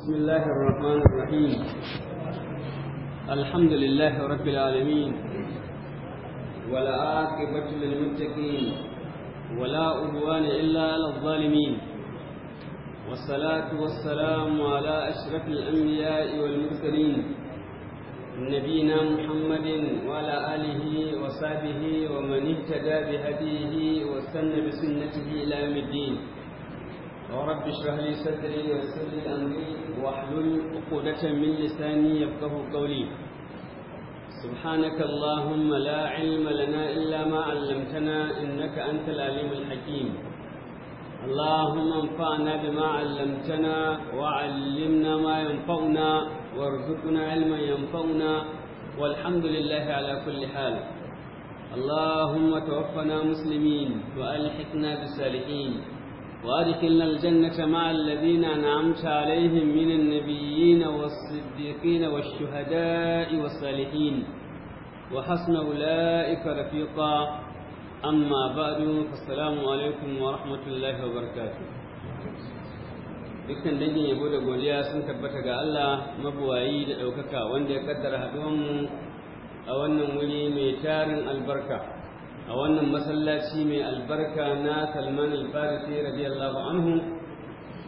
بسم الله الرحمن الرحيم الحمد لله رب العالمين والعاقبة للمتقين ولا عدوان إلا على الظالمين والصلاة والسلام على أشرف الأنبياء والمرسلين نبينا محمد وعلى آله وصحبه ومن اهتدى بهديه واستنى بسنته إلى يوم الدين ورب اشرح لي صدري ويسر لي امري واحلل عقدة من لساني يفقه قولي سبحانك اللهم لا علم لنا الا ما علمتنا انك انت العليم الحكيم اللهم انفعنا بما علمتنا وعلمنا ما ينفعنا وارزقنا علما ينفعنا والحمد لله على كل حال اللهم توفنا مسلمين والحقنا بالصالحين وادخلنا الجنة مع الذين أنعمت عليهم من النبيين والصديقين والشهداء والصالحين وحسن أولئك رفيقا أما بعد فالسلام عليكم ورحمة الله وبركاته dukkan dangin yabo da godiya sun tabbata ga Allah mabuwayi da ɗaukaka wanda ya kaddara haɗuwanmu a wannan wuri mai tarin albarka a wannan masallaci mai albarka na salman alfarisi radiyallahu anhu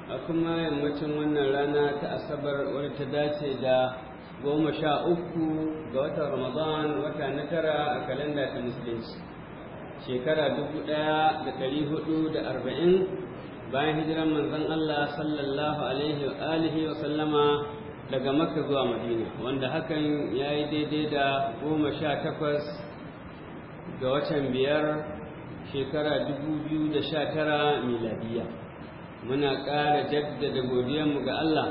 a kuma yammacin wannan rana ta asabar wadda ta dace da goma sha uku ga watan ramadan wata na tara a kalanda ta musulunci shekara dubu ɗaya da ɗari hudu da arba'in bayan hijiran manzon allah sallallahu alaihi wa alihi wa sallama daga makka zuwa madina wanda hakan ya yi daidai da goma sha takwas ga watan biyar shekara 2019 miladiya muna ƙara jaddada godiyanmu ga Allah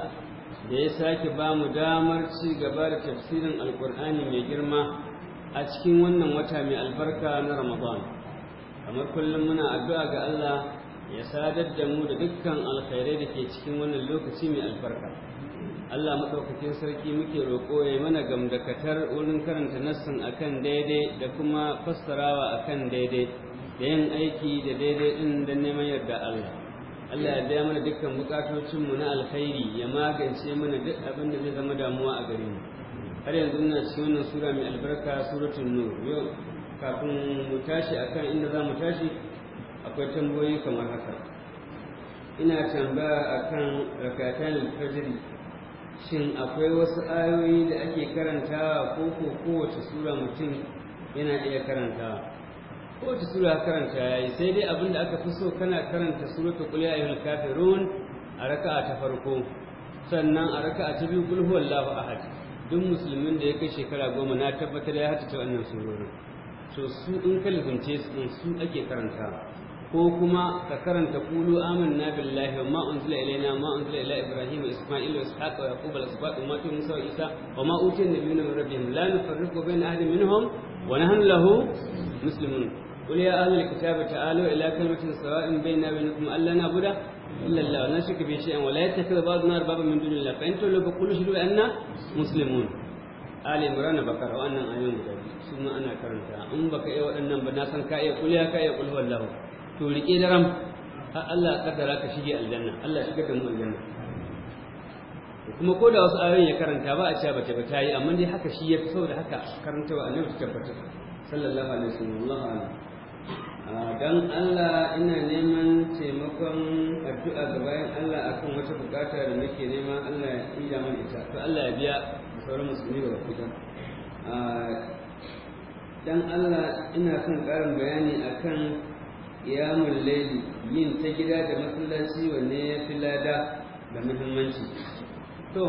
da ya sake ba mu damar ci gaba da tafsirin Alƙur'ani mai girma a cikin wannan wata mai albarka na ramadan kamar kullum muna addu'a ga Allah ya sadar da mu da dukkan alkhairai da ke cikin wannan lokaci mai albarka Allah maɗaukakin sarki muke roƙo ya mana gamdakatar wurin karanta nassin akan daidai da kuma fassarawa akan daidai da yin aiki da daidai din da neman yarda Allah. Allah ya daya mana dukkan bukatocinmu na alkhairi ya magance mana duk abin da zai zama damuwa a gare mu. Har yanzu ina cikin wannan sura mai albarka suratul nur yau kafin mu tashi akan inda za mu tashi akwai tambayoyi kamar haka. Ina tambaya akan rakatan alfajiri shin akwai wasu ayoyi da ake karanta ko ko kowace sura mutum yana iya karanta kowace sura karanta yayi sai dai abinda aka fi so kana karanta suratul qul ya ayyuhal kafirun a raka'a ta farko sannan a raka'a ta biyu qul huwallahu ahad duk musulmin da ya kai shekara goma na tabbatar ya hata ta wannan surorin so su in ka su su ake karanta ko kuma ka karanta qulu amanna billahi wa ma unzila ilaina ma unzila ila ibrahim isma'il wa ishaq wa yaqub wa asbaq wa ma tu musa wa isa wa ma utiya nabiyuna min rabbihim la nufarriqu bayna ahadin minhum wa nahnu lahu muslimun قل يا أهل الكتاب تعالوا إلى كلمة سواء بيننا وبينكم ألا نعبد إلا الله ولا نشرك به شيئا ولا يتخذ بعضنا أربابا من دون الله فإن تولوا فقولوا اشهدوا أنا مسلمون آل عمران بكر وأنا أيون ثم أنا كرمتها أم بك إيه وأنا بناسا كأي قل يا كأي قل هو الله to rike daram Allah kaddara ka shige aljanna Allah shigar da mu aljanna kuma ko da wasu ayoyin ya karanta ba a cewa bata ba tayi amma dai haka shi yafi saboda haka karanta wa annabi tabbata sallallahu alaihi wasallam dan Allah ina neman taimakon addu'a ga bayan Allah akan wata bukata da nake nema Allah ya iya mun ita to Allah ya biya sauran musulmi da bakidan dan Allah ina son karin bayani akan ya laili yin ta gida da masallaci wanne ya fi lada da muhimmanci to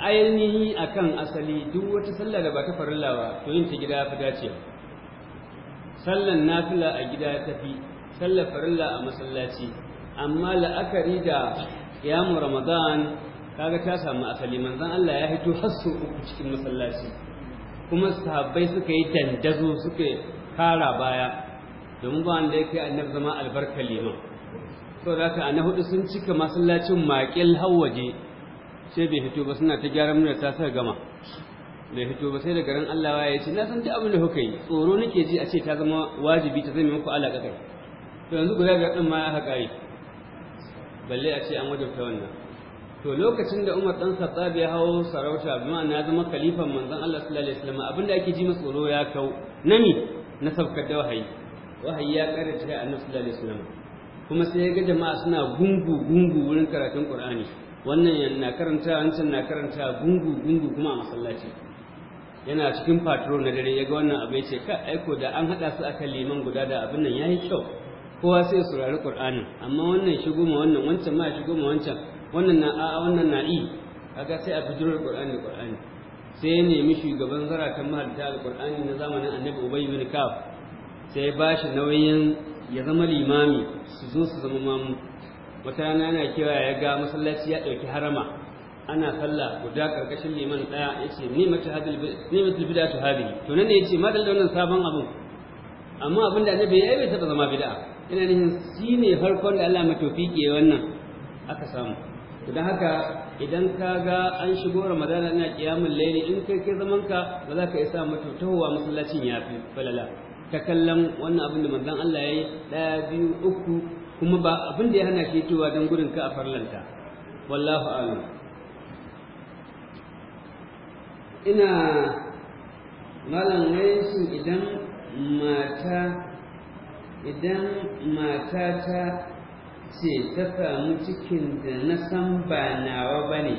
ainihi akan asali duk wata sallah da ba ta farillawa to yin ta gida fi dace sallan nafila a gida tafi sallar farilla a masallaci amma la'akari da ƙiyamun ramadan kaga ta samu asali manzon Allah ya hito hasu uku cikin masallaci kuma sahabbai suka yi dandazo suka kara baya domin ba wanda ya kai annar zama albarkar liman to za ka na hudu sun cika masallacin makil hawaje sai bai fito ba suna ta gyaran mura ta sa gama bai fito ba sai da garin Allah ya ce na san duk abin da kuka yi tsoro nake ji a ce ta zama wajibi ta zame muku alaƙa to yanzu guda biyar din ma ya haƙa yi balle a ce an wajabta wannan to lokacin da Umar ɗan Khattab ya hau sarauta bi ma'ana zama khalifan manzon Allah sallallahu alaihi wasallam abinda ake ji masa tsoro ya kau nami na sabkar da wahayi wahayi ya karanta ta a nasu dalis wasallam kuma sai ya ga jama'a suna gungu gungu wurin karatun qur'ani wannan na karanta wancan na karanta gungu gungu kuma a masallaci yana cikin patrol na dare ya ga wannan abu ya ce ka aiko da an haɗa su aka liman guda da abin nan yayi kyau kowa sai ya saurari qur'anin amma wannan shigo ma wannan wancan ma shigo ma wancan wannan na a'a wannan na i kaga sai a bijirar qur'ani qur'ani sai ya nemi shugaban zaratan mahaddata alqur'ani na zamanin annabi ubay bin ka'ab sai ba shi nauyin ya zama limami su zo su zama mamu wata rana yana kewa ya ga masallaci ya ɗauki harama ana sallah guda ƙarƙashin liman ɗaya ya ce ni mata bida tu hadi to nan ya ce ma da wannan sabon abu amma abin da annabi ya yi taɓa zama bid'a ina nihin shi ne farkon da Allah ke wannan aka samu don haka idan ka ga an shigo ramadana ina kiyamun laili in kai kai zamanka ba za ka isa mutu tahowa masallacin ya fi falala ta kallon wannan abin da manzon Allah ya yi ɗaya biyu uku kuma ba abin da ya hana shi towa don gudun ka a farlanta wallahu a'lam ina malam shin idan mata idan mata ta ce ta samu cikin da na san ba nawa ba ne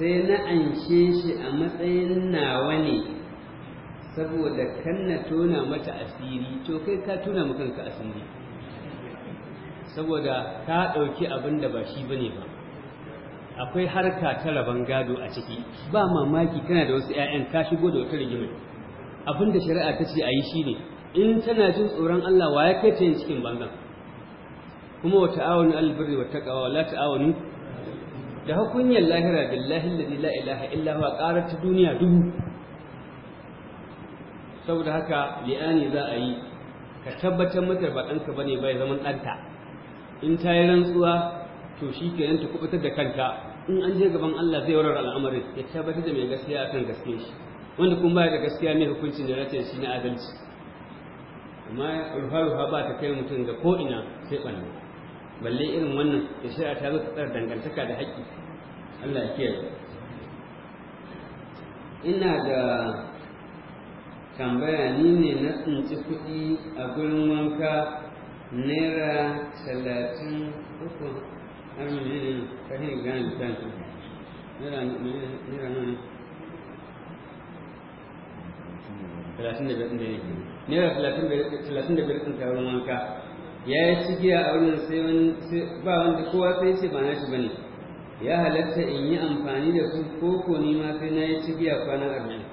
sai na anshe shi a matsayin nawa ne saboda kan na tona mata asiri to kai ka tona ma asiri saboda ka ɗauki abin da ba shi ba ne ba akwai harka ta rabon gado a ciki ba mamaki kana da wasu 'ya'yan ka shigo da wata rigima. abin da shari'a ta ce a yi shi ne in tana jin tsoron Allah wa ya kai ta yin cikin bangan kuma wa ta'awunu albirri wa taqwa la ta'awunu da hukunyar lahira billahi alladhi la ilaha illa huwa duniya dubu saboda haka li'ani za a yi ka tabbatar mata ba ɗanka ba ne bai zaman ɗanta in ta yi rantsuwa to shi kenan ta kubutar da kanta in an je gaban Allah zai warware al'amarin ya tabbatar da mai gaskiya akan gaskiyar shi wanda kuma ba da gaskiya mai hukuncin da rataye shi na adalci amma rufa-rufa ba ta kai mutum ga ko'ina sai ɓanna balle irin wannan da shi ta zo ta tsara dangantaka da haƙƙi Allah ya kiyaye ina da tambaya ni ne na tsinci kuɗi a gurin wanka naira talatin uku har miliyan kahin gane tantu naira nan talatin da biyar naira talatin da biyar ɗin wurin wanka ya yi cigiya a wurin sai ba wanda kowa sai ce ba nashi ba ne ya halatta in yi amfani da su ko ko ni ma sai na yi cigiya kwanan arba'in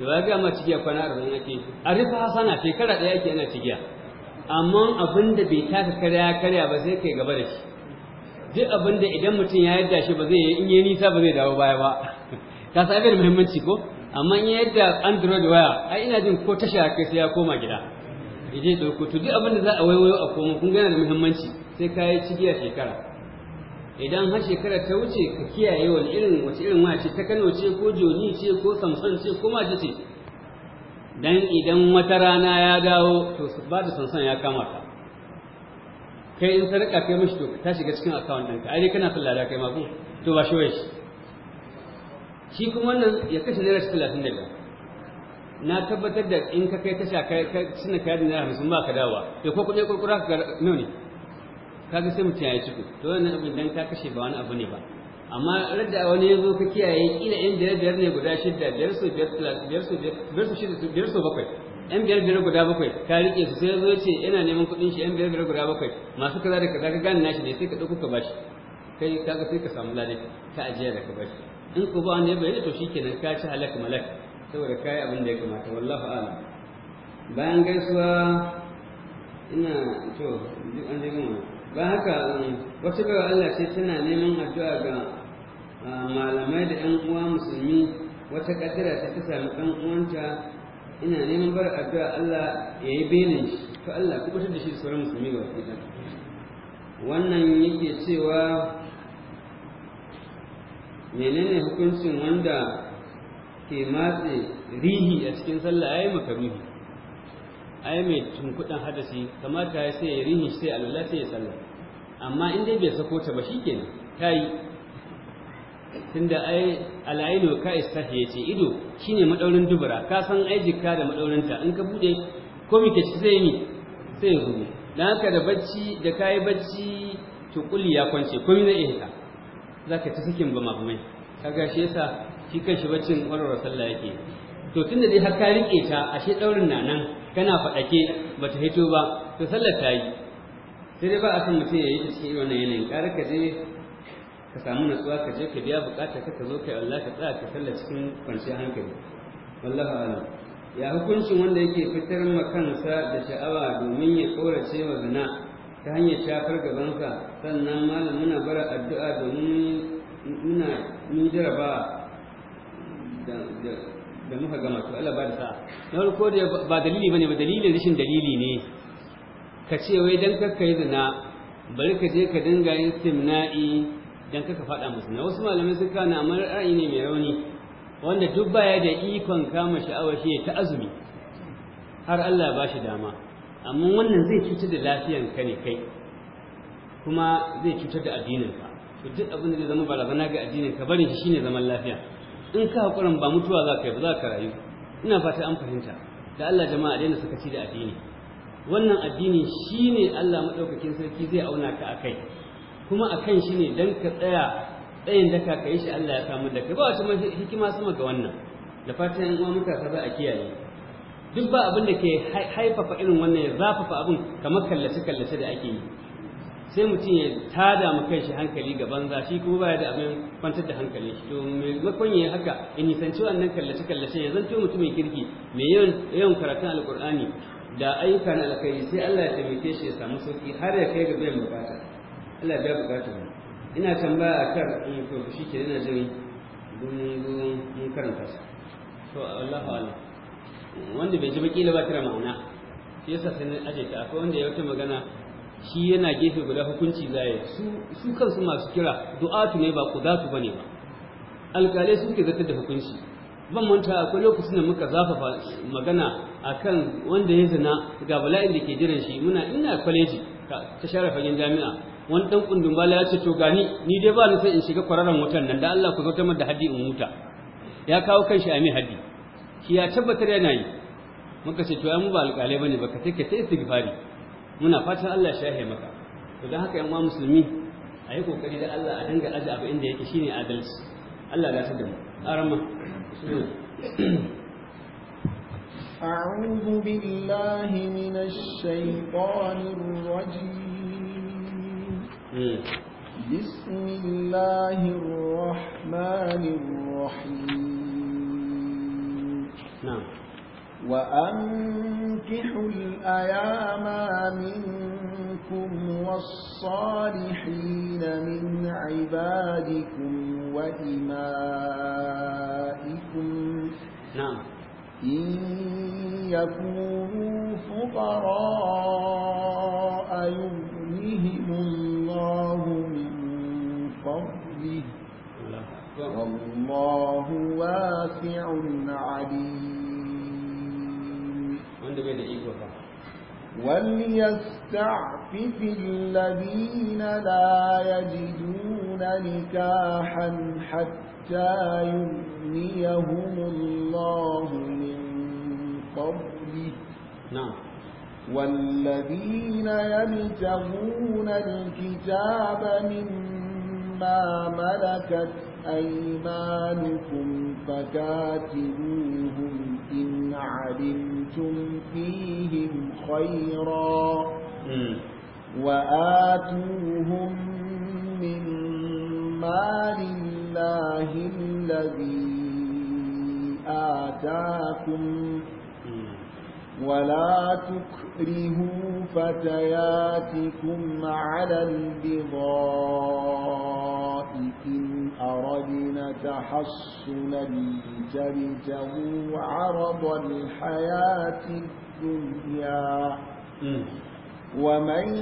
da ba ga ma cigiya kwana arba'in ake a rufe hasana shekara ɗaya ake ana cigiya amma abin da bai taka karya karya ba sai kai gaba da shi duk abin da idan mutum ya yadda shi ba zai in yi nisa ba zai dawo baya ba ta sa da muhimmanci ko amma in yadda android waya ai ina jin ko tasha kai sai ya koma gida yaje dauko to duk abin da za a waiwayo a koma, kun gana da muhimmanci sai ka yi cigiya shekara idan har shekara ta wuce ka kiyaye wani irin wace irin ma ce ta Kano ce ko Joni ce ko Samson ce ko ma ce dan idan wata rana ya dawo to su ba da Samson ya kama ka kai in sarƙa kai mishi to ta shiga cikin account ɗinka ai kana sallah da kai ma ko to ba shi wai shi shi kuma wannan ya kashe naira talatin da biyar na tabbatar da in ka kai tasha kai suna kayar da naira hamsin ba ka dawa to ko kuɗi kurkura ka nawa ne kaga sai mutum ya ci ku to wannan abin dan ka kashe ba wani abu ne ba amma radda wani ya zo ka kiyaye kila yan biyar biyar ne guda shidda biyar su biyar biyar su biyar su shidda biyar su bakwai yan biyar biyar guda bakwai ka rike su sai zo ya ce yana neman kuɗin shi yan biyar biyar guda bakwai masu kaza da kaza ka gane nashi ne sai ka ɗauko ka bashi kai kaga sai ka samu lade ka ajiya da ka bashi in ku ba wani ya bayyana to shikenan ka ci halaka malak saboda ka yi abin da ya kamata wallahu a'lam bayan gaisuwa ina to duk an je gama ba haka um, wata bawa Allah sai tana neman addu'a ga uh, malamai da ‘yan uwa musulmi wata ƙasira ta ta sami ɗan uwanta ina neman bar addu'a Allah ya yi benin shi to Allah kuma da shi sauran musulmi ba ita wannan yake cewa menene hukuncin wanda ke matse rihi a cikin sallah ya yi rihi? ai mai tunkuɗin hadasi kamata ya sai ya rihi sai Allah sai ya sallah amma in dai bai sako ta ba shikenan ta yi tunda ai ala'ino ka istahi yace ido shine madaurin dubura ka san ai jikka da madaurinta in ka bude ko me ke ci sai mi sai zuwa dan haka da bacci da kai bacci to kulli ya kwance ko me zai za zaka ci sakin ba mabumai kaga shi yasa shi kan shi baccin warware sallah yake to tunda dai har ka rike ta ashe daurin na nan kana faɗake ba ta hito ba to sallar ta yi sai dai ba a san mutum ya yi ta cikin irin yanayin ƙara ka je ka samu natsuwa ka je ka biya buƙatar ka ka zo kai Allah ka tsaya ka sallar cikin kwanciyar hankali wallahu a'lam ya hukuncin wanda yake fitar ma kansa da sha'awa domin ya korace wa zina ta hanyar shafar gabansa sannan malam muna bara addu'a domin muna mun jarabawa da muka gama Allah ba da sa'a na farko da ba dalili bane ba dalilin rashin dalili ne ka ce wai dan kakka yi zina bari ka je ka dinga yin simna'i dan kaka faɗa musu na wasu malamai sun kana amma ra'ayi ne mai rauni wanda duk baya da ikon kama sha'awar shi ta azumi har Allah ba shi dama amma wannan zai cutar da lafiyan ka ne kai kuma zai cutar da addinin ka duk abin da zai zama barazana ga addinin ka barin shi shine zaman lafiya in ka hakuran ba mutuwa za ka yi ba za ka rayu ina fata an fahimta da Allah jama'a daina sakaci da addini wannan addini shine Allah maɗaukakin sarki zai auna ka akai kuma akan shi ne dan ka tsaya tsayin daka ka yi shi Allah ya samu da kai ba wata hikima sama ga wannan da fatan yan uwa muka za a kiyaye duk ba abin da ke haifafa irin wannan ya zafafa abin kamar kallace kallace da ake yi sai mutum ya tada mu shi hankali ga banza shi kuma baya da abin kwantar da hankali shi to makon ya haka in nisanci wannan kallace kallace ya zanto mai kirki Me yawan karatun alqur'ani da ayyukan alkhairi sai Allah ya taimake shi ya samu sauki har ya kai ga biyan bukata Allah ya biya bukata ina tambaya akan in eh, to shi ke ina jin gungun mun karanta su to Allah wala wanda bai ji ba kila ba tara ma'ana shi yasa sai aje ta akwai wanda ya wata magana shi yana gefe guda hukunci zai su kansu masu kira du'atu ne ba kudatu bane ba alƙalai suke zata da hukunci ban manta akwai lokacin da muka zafafa magana a kan wanda ya zina ga bala'in da ke jiran shi muna ina kwaleji ta share fagen jami'a wani dan kundin bala ya ce to gani ni dai ba ni sai in shiga kwararren wutan nan da Allah ku zo ta da hadi in huta ya kawo kan shi a mai haddi shi ya tabbatar yana yi muka ce to ya mu ba alƙalai bane ba ka sai ta istighfari muna fatan Allah ya shahe maka to don haka yamma musulmi a yi kokari da Allah a dinga aji abu inda yake shine adalci Allah ya da mu arama أعوذ بالله من الشيطان الرجيم بسم الله الرحمن الرحيم نعم وأنكحوا الأيام منكم والصالحين من عبادكم وإمائكم نعم إن يكونوا فقراء يغنهم الله من فضله والله واسع عليم وليستعفف الذين لا يجدون نكاحا حتى يغنيهم الله من فضله نعم والذين يبتغون الكتاب مما ملكت أيمانكم فكاتبوهم إن علمتم فيهم خيرا وآتوهم من مال الله الذي آتاكم ولا تكرهوا فتياتكم على البغاء إن أردنا تحصنا لتبتغوا عرض الحياة الدنيا ومن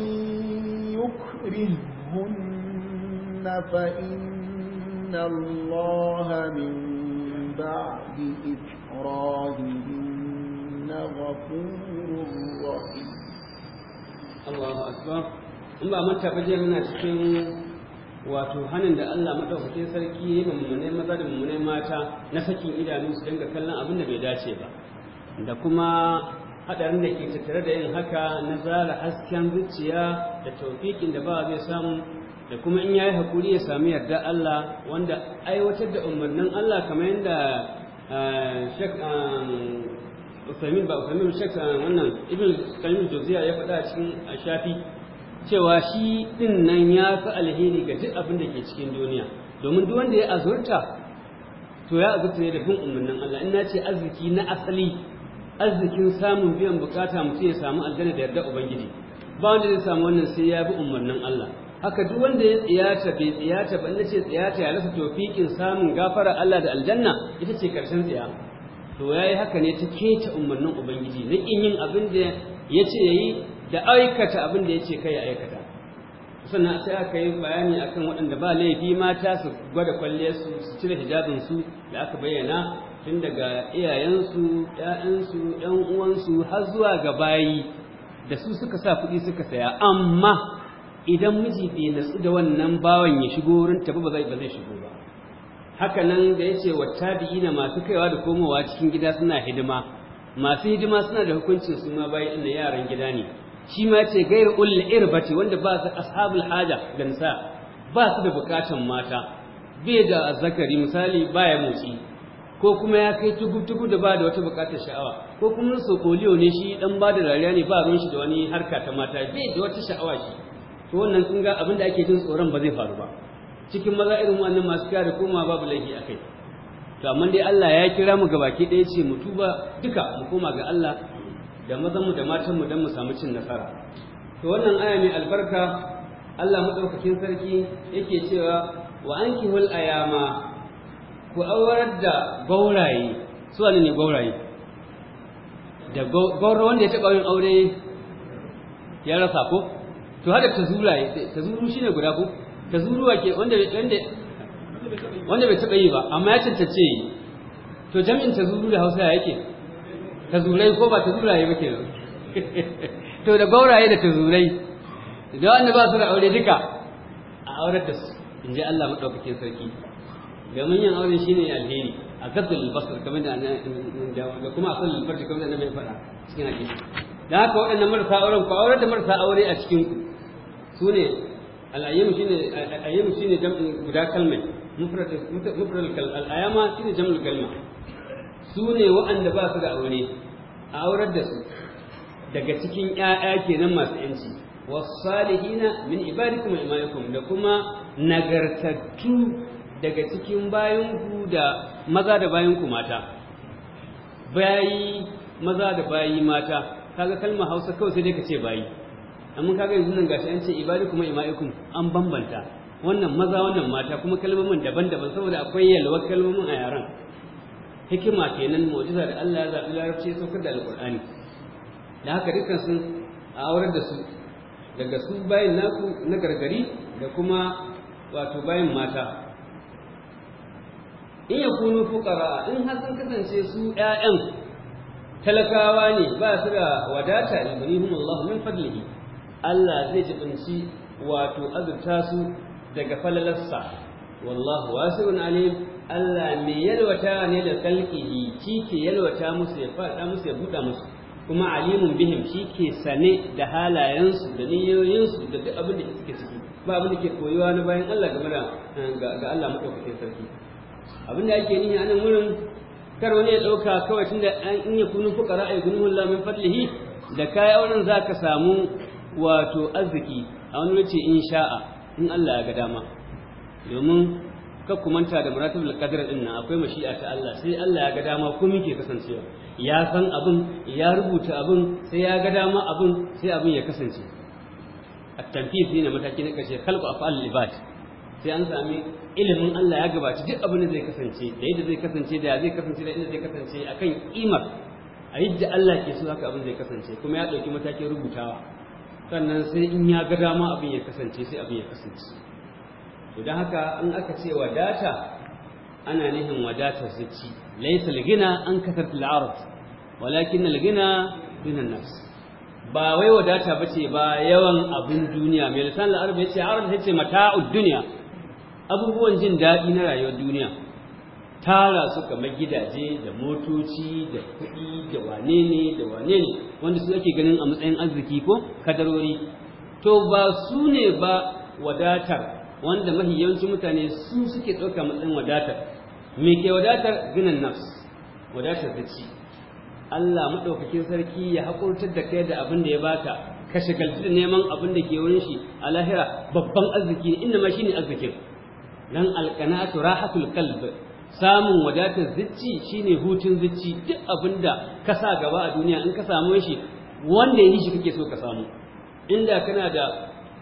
يكرهن فإن الله من بعد إكراهه الله أكبر in ba manta ba jiya muna cikin wato hannun da Allah madaukakin sarki ya mummunai maza da mummunai mata na sakin idanu su dinga kallon abin da bai dace ba da kuma hadarin da ke tattare da yin haka na zara hasken zuciya da taufikin da ba zai samu da kuma in yayi hakuri ya sami yarda Allah wanda aiwatar da umarnin Allah kamar yadda eh, um, Usaimin ba Usaimin Sheikh uh, wannan Ibn Qayyim Jawziya ya faɗa cikin Ashafi cewa shi din nan ya fi alheri ga duk abin da ke cikin duniya domin duk wanda ya azurta to ya azurta ne da bin umarnin Allah in ce arziki na asali arzikin samun biyan bukata mutum ya samu aljanna da yarda ubangiji ba wanda zai samu wannan sai ya bi umarnin Allah haka duk wanda ya tsiyata bai tsiyata ba ce tsiyata ya rasa tofikin samun gafara Allah da aljanna ita ce karshen tsiya to ya yi haka ne ta keta umarnin ubangiji na yin abin da ya ce ya yi da aikata abin da ya ce kai aikata sannan sai aka yi bayani akan waɗanda ba laifi mata su gwada kwalliyarsu su su cire hijabinsu da aka bayyana tun daga iyayensu ‘ya'yansu ‘yan uwansu har zuwa ga bayi da su suka sa kuɗi suka saya amma idan miji bai natsu da wannan bawan ya shigo wurin tabi ba zai shigo ba haka nan da ya ce yace na masu kaiwa da komowa cikin gida suna hidima masu hidima suna da hukuncin su ma bayan inda yaran gida ne shi ma ce gairu ulil irbati wanda ba su ashabul haja gansa ba su da bukatan mata bai da azzakari misali baya motsi ko kuma ya kai tugu-tugu da ba da wata bukatar sha'awa ko kuma so koliyo ne shi dan ba da rariya ne ba ruwan shi da wani harka ta mata bai da wata sha'awa shi to wannan kun ga abin da ake jin tsoron ba zai faru ba cikin maza irin wannan masu da koma babu laifi a kai to amma dai Allah ya kira mu gabaki ɗaya ce mu tuba duka mu koma ga Allah da mazan mu da matan mu dan mu samu cin nasara to wannan aya mai albarka Allah madaukakin sarki yake cewa wa ankihul ayama ku aurar da gauraye su wani ne gauraye da gauraye wanda ya taɓa yin aure ya rasa ko to hada ta zuraye ta zuru shine guda ko ta zuruwa ke wanda bai taɓa yi ba amma ya cancace yi to jami'in ta zuru da hausa ya yake ta zurai ko ba ta zuraye ba kenan to da gauraye da ta zurai da wanda ba su da aure duka a aurar da su in ji Allah maɗaukakin sarki domin yin aure ne alheri a kaddal basar kamar da da kuma a sallal farji kamar da na mai faɗa cikin hadisi da haka waɗannan marasa auren ku aurar da marasa aure a cikin ku su ne al'ayyamu shine al'ayyamu shine jam'in guda kalmai mufrad al'ayyama kal al'ayama shine jam'ul kalma su ne wa'anda ba su da aure a aurar da su daga cikin ƴaƴa kenan masu yanci wasalihina min ibadi kuma imaikum da kuma nagartattu daga cikin bayanku da maza da bayanku mata bayi maza da bayi mata kaga kalmar Hausa kawai sai dai ka ce bayi amma kaga yanzu nan gashi an ce ibadi kuma ima'ikum an bambanta wannan maza wannan mata kuma kalmomin daban-daban saboda akwai yalwar kalmomin a yaran hikima kenan mu'jiza da Allah ya zabi larabci ya saukar da alqur'ani da haka dukkan sun aurar da su daga su bayin naku na gargari da kuma wato bayin mata in ya kunu fukara in har sun kasance su ƴaƴan talakawa ne ba su da wadata ibnihim Allah min fadlihi Allah zai jibinci wato azurta su daga falalarsa wallahu wasi'un alim Allah mai yalwata ne da kalkihi shi ke yalwata musu ya faɗa musu ya buɗa musu kuma alimun bihim shi ke sane da halayensu da niyoyinsu da duk abin da suke ciki ba abin da ke koyuwa na bayan Allah game da ga Allah madaukakin sarki abin da ake nihi a nan wurin kar wani ya ɗauka kawai tunda an yi kunu fuqara ay gunuhun la min fadlihi da kai auren zaka samu wato arziki a wani wace in sha'a in Allah ya ga dama domin ka kumanta da muratul qadar din nan akwai mashi'a ta Allah sai Allah ya ga dama ko muke kasancewa ya san abin ya rubuta abin sai ya ga dama abin sai abin ya kasance at-tanfis ne mataki na karshe khalqu afal ibad sai an sami ilimin Allah ya gabaci duk abin da zai kasance da yadda zai kasance da zai kasance da inda zai kasance akan a yadda Allah ke so haka abin zai kasance kuma ya dauki matakin rubutawa sannan sai in ya ga dama abin ya kasance sai abin ya kasance to don haka in aka ce wadata ana nihin wadatar zuci Laisa al an kasar al walakin al-ghina min ba wai wadata ce ba yawan abin duniya mai lisan al-arab yace ya ce mata'ud duniya? abubuwan jin daɗi na rayuwar duniya tara su kamar gidaje da motoci da kuɗi da wane ne da wane ne wanda su ake ganin a matsayin arziki ko kadarori to ba su ne ba wadatar wanda mafi yawanci mutane su suke ɗauka matsayin wadatar me ke wadatar ginin nafs wadatar da ci Allah maɗaukakin sarki ya haƙurtar da kai da abin da ya ta ka shagaltu da neman abin da ke wurin shi a lahira babban arziki inda ma shine arzikin dan alqanatu rahatul qalb samun wadatar zicci shine hutun zicci duk da ka sa gaba a duniya in ka samu shi wanda ya yi shi kake so ka samu inda kana da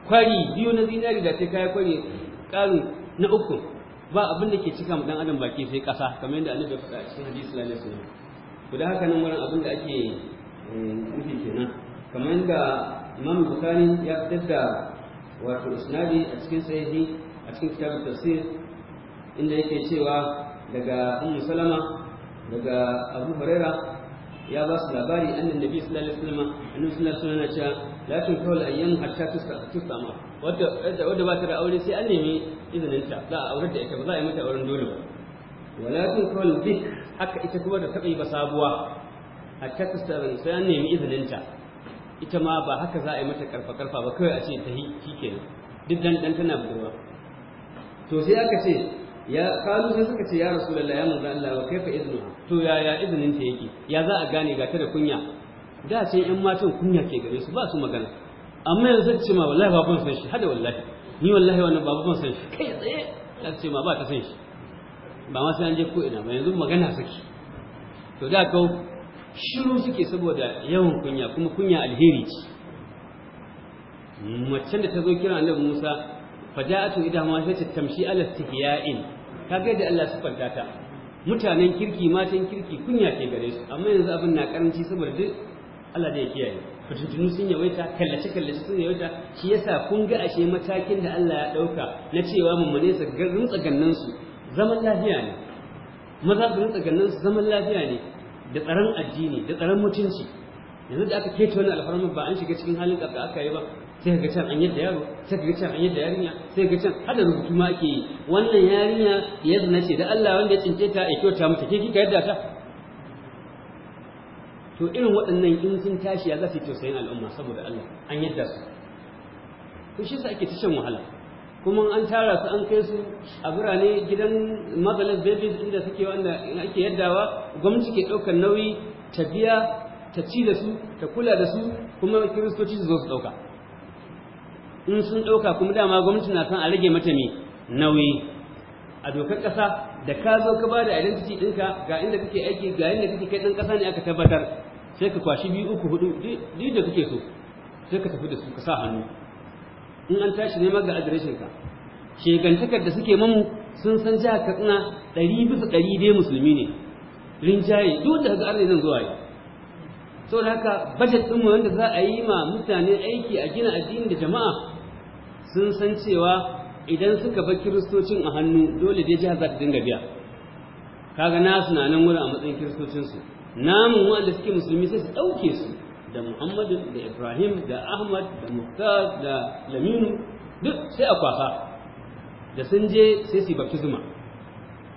kwari biyu na zinari da sai kaya kwari karin na uku ba abin da ke cika mu dan adam baki sai ƙasa kamar yadda annabi ya faɗa cikin hadisi sallallahu alaihi Ku da haka nan wurin abin da ake eh, nufi kenan kamar yadda Imam Bukhari ya fitar da wato isnadi a cikin sahihi a cikin kitabun tafsir inda yake cewa daga ummu salama daga abu huraira ya ba su labari annan nabi sallallahu alaihi wasallam annabi sallallahu alaihi wasallam cewa la tun al ayyan hatta ma wadda wadda ba ta da aure sai an nemi izinin ta za a aure da ita ba za a yi mata auren dole ba wala tunkahu al-bik haka ita kuma da tabi ba sabuwa hatta tusama sai an nemi izinin ta ita ma ba haka za a yi mata karfa karfa ba kawai a ce ta hi kenan duk dan dan tana budurwa to sai aka ce ya kalu sai suka ce ya rasulullahi ya manzo Allah wa kaifa idnu to ya ya izinin ta yake ya za a gane ga ta da kunya da sai yan matan kunya ke gare su ba su magana amma yanzu ce ma wallahi ba ban san shi hada wallahi ni wallahi wannan ba ban san shi kai tsaye ta ce ma ba ta san shi ba ma sai an je ko ina ba yanzu magana saki to da ko shiru suke saboda yawan kunya kuma kunya alheri ce macen da ta zo kira annabi Musa faja'atu idha ma sai ta tamshi ala istihya'in ka ga yadda Allah kwanta ta mutanen kirki matan kirki kunya ke gare su amma yanzu abin na karanci saboda duk Allah da ya kiyaye fitintunu sun yawaita kallace kallace sun yawaita shi yasa kun ga ashe matakin da Allah ya dauka na cewa mune su rumtsa gannan su zaman lafiya ne maza su rumtsa gannan su zaman lafiya ne da tsaron addini da tsaron mutunci yanzu da aka keta wani alfarmar ba an shiga cikin halin da aka yi ba sai ka ga can an yadda yaro sai ka ga can da yarinya sai ga can hada rubutu ma ke yi wannan yarinya ya zina ce da Allah wanda ya cince ta ya kyauta mata ke kika yadda ta to irin waɗannan in sun tashi ya za su tausayin al'umma saboda Allah an yadda su to shi sa ake ta shan wahala kuma an tara su an kai su a birane gidan mazalin babies inda suke wanda ake yaddawa gwamnati ke ɗaukar nauyi ta biya ta ci da su ta kula da su kuma kiristoci su zo su ɗauka in sun ɗauka kuma dama gwamnati na son a rage mata me nauyi a dokar ƙasa da ka zo ka ba da identity ɗinka ga inda kake aiki ga inda kake kai ɗan ƙasa ne aka tabbatar sai ka kwashi biyu uku hudu duk da kake so sai ka tafi da su ka sa hannu in an tashi neman ga adireshin ka shegantakar da suke mamu sun san jihar katsina ɗari bisa ɗari dai musulmi ne rinjaye duk da ga arzai zan zuwa yi saboda haka bajet ɗinmu wanda za a yi ma mutane aiki a gina addini da jama'a sun san cewa idan suka bar kiristocin a hannu dole dai jihar za ta dinga biya kaga na na nan wurin a matsayin kiristocinsu namun wanda suke musulmi sai su ɗauke su da muhammadu da ibrahim da ahmad da muktar da laminu duk sai a kwasa da sun je sai su yi zuma.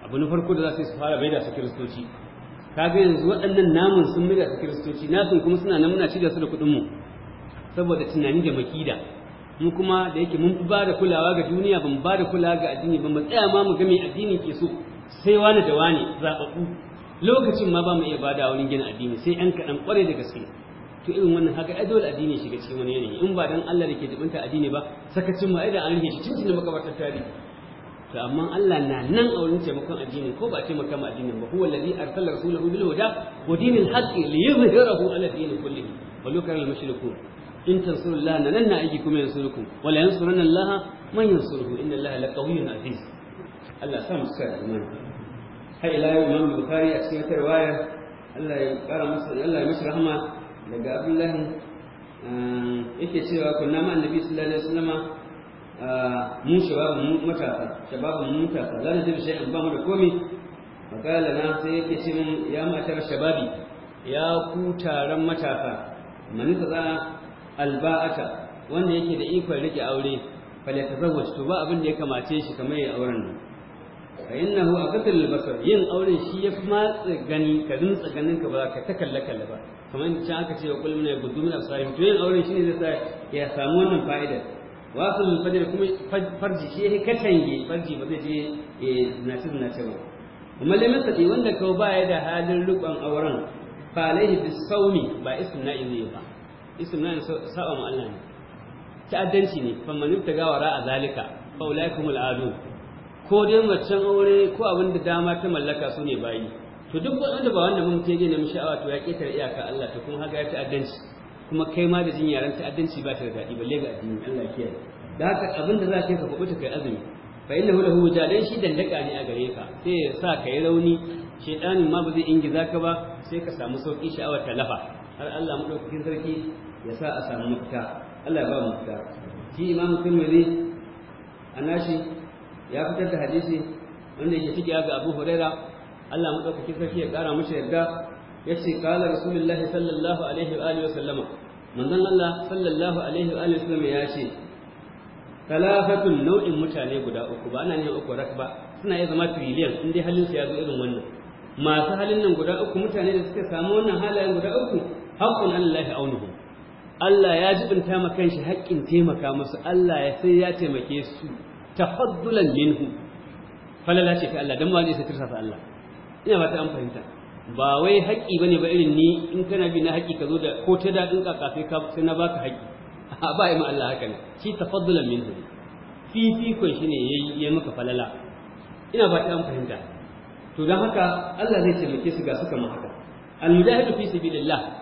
abu na farko da za su fara bai da su kiristoci kaga yanzu waɗannan namun sun mai da su kiristoci nasun kuma suna nan muna ci da su da kuɗinmu saboda tunani da makida mu kuma da yake mun fi ba da kulawa ga duniya ban ba da kulawa ga addini ba mu tsaya ma mu ga mai addini ke so sai wani da wani zaɓaɓɓu lokacin ma ba mu iya da wani gina addini sai yan kaɗan ƙware da gaske to irin wannan haka ai dole addini shiga cikin wani yanayi in ba dan Allah da ke dubunta addini ba sakacin mu ai da an rike shi cikin makabartar tarihi to amma Allah na nan a wurin taimakon addini ko ba a taimaka ma addinin ba huwa allazi arsala rasulahu bil huda wa dinil haqqi liyuzhirahu ala dini lokacin wa lokar al in tansurullah na nan na aiki kuma yansurukum wala yansurunna Allah man yansuruhu inna Allah laqawiyyun aziz Allah sa musu kai iman har ila yau Imam Bukhari a cikin tarwaya Allah ya kara masa Allah ya mishi rahama daga Abdullah yake cewa kunna ma annabi sallallahu alaihi wasallama mu shababun mu matasa shababun mu matasa la nadiru shay'an ba mu da komai makala na sai yake ce ya matar shababi ya ku taron matasa manisa za alba'ata wanda yake da ikon rike aure falyatazawwaj to ba abin da ya kamace shi kamar ya auren nan fa innahu aqtal basar yin auren shi ya matsa gani ka rinsa ganin ka ba ka ta kalle kalle ba kamar yadda aka ce wa kullum ne gudu min absarim to yin auren shi ne zai sa ya samu wannan fa'ida sun fajr kuma farji shi ya katange farji ba zai je na ci na ci ba kuma lemin sadi wanda ka ba ya da halin rukun auren fa alaihi bisawmi ba isma'il ba na saba mu Allah ne ta'addanci ne fa man yubtaga wara a zalika fa ulaikum al'adu. ko dai macen aure ko abin da dama ta mallaka su ne bayi to duk wanda ba wanda mun ke ne mun sha'awa to ya keta iyaka Allah to kuma haka ya ta'addanci kuma kai ma da jin yaran ta'addanci ba ta da daɗi balle ga addini Allah ya kiyaye da haka abin da za ka yi ka kai azumi fa innahu lahu wajadan shi dandaka ne a gare ka sai ya sa ka yi rauni shedanin ma ba zai ingiza ka ba sai ka samu sauki sha'awar lafa. har Allah madaukakin sarki ya sa a samu mafita Allah ya ba mu fita. shi imamu tirmidhi a nashi ya fitar da hadisi wanda yake cike ga Abu Huraira Allah madaukakin sarki ya kara mishi yarda yace qala rasulullahi sallallahu alaihi wa alihi wa sallama manzon Allah sallallahu alaihi wa alihi wa sallama ya ce talafatun nau'in mutane guda uku ba ana ne uku rak ba suna iya zama trillion in dai halin su ya zo irin wannan masu halin nan guda uku mutane da suka samu wannan halayen guda uku haqqun Allah ya Allah ya jibinta ma shi haƙƙin taimaka musu Allah ya sai ya taimake su tafaddulan minhu falala ce fi Allah don wani sai tirsasa Allah ina ba ta an fahimta ba wai haƙƙi bane ba irin ni in kana bi na haƙƙi ka zo da ko ta daɗin ka sai ka sai na baka haƙƙi a ba ma Allah haka ne shi tafaddulan minhu fifikon shi ne ya ya maka falala ina ba ta an fahimta to don haka Allah zai taimake su ga suka ma haka al mujahidu fi sabilillah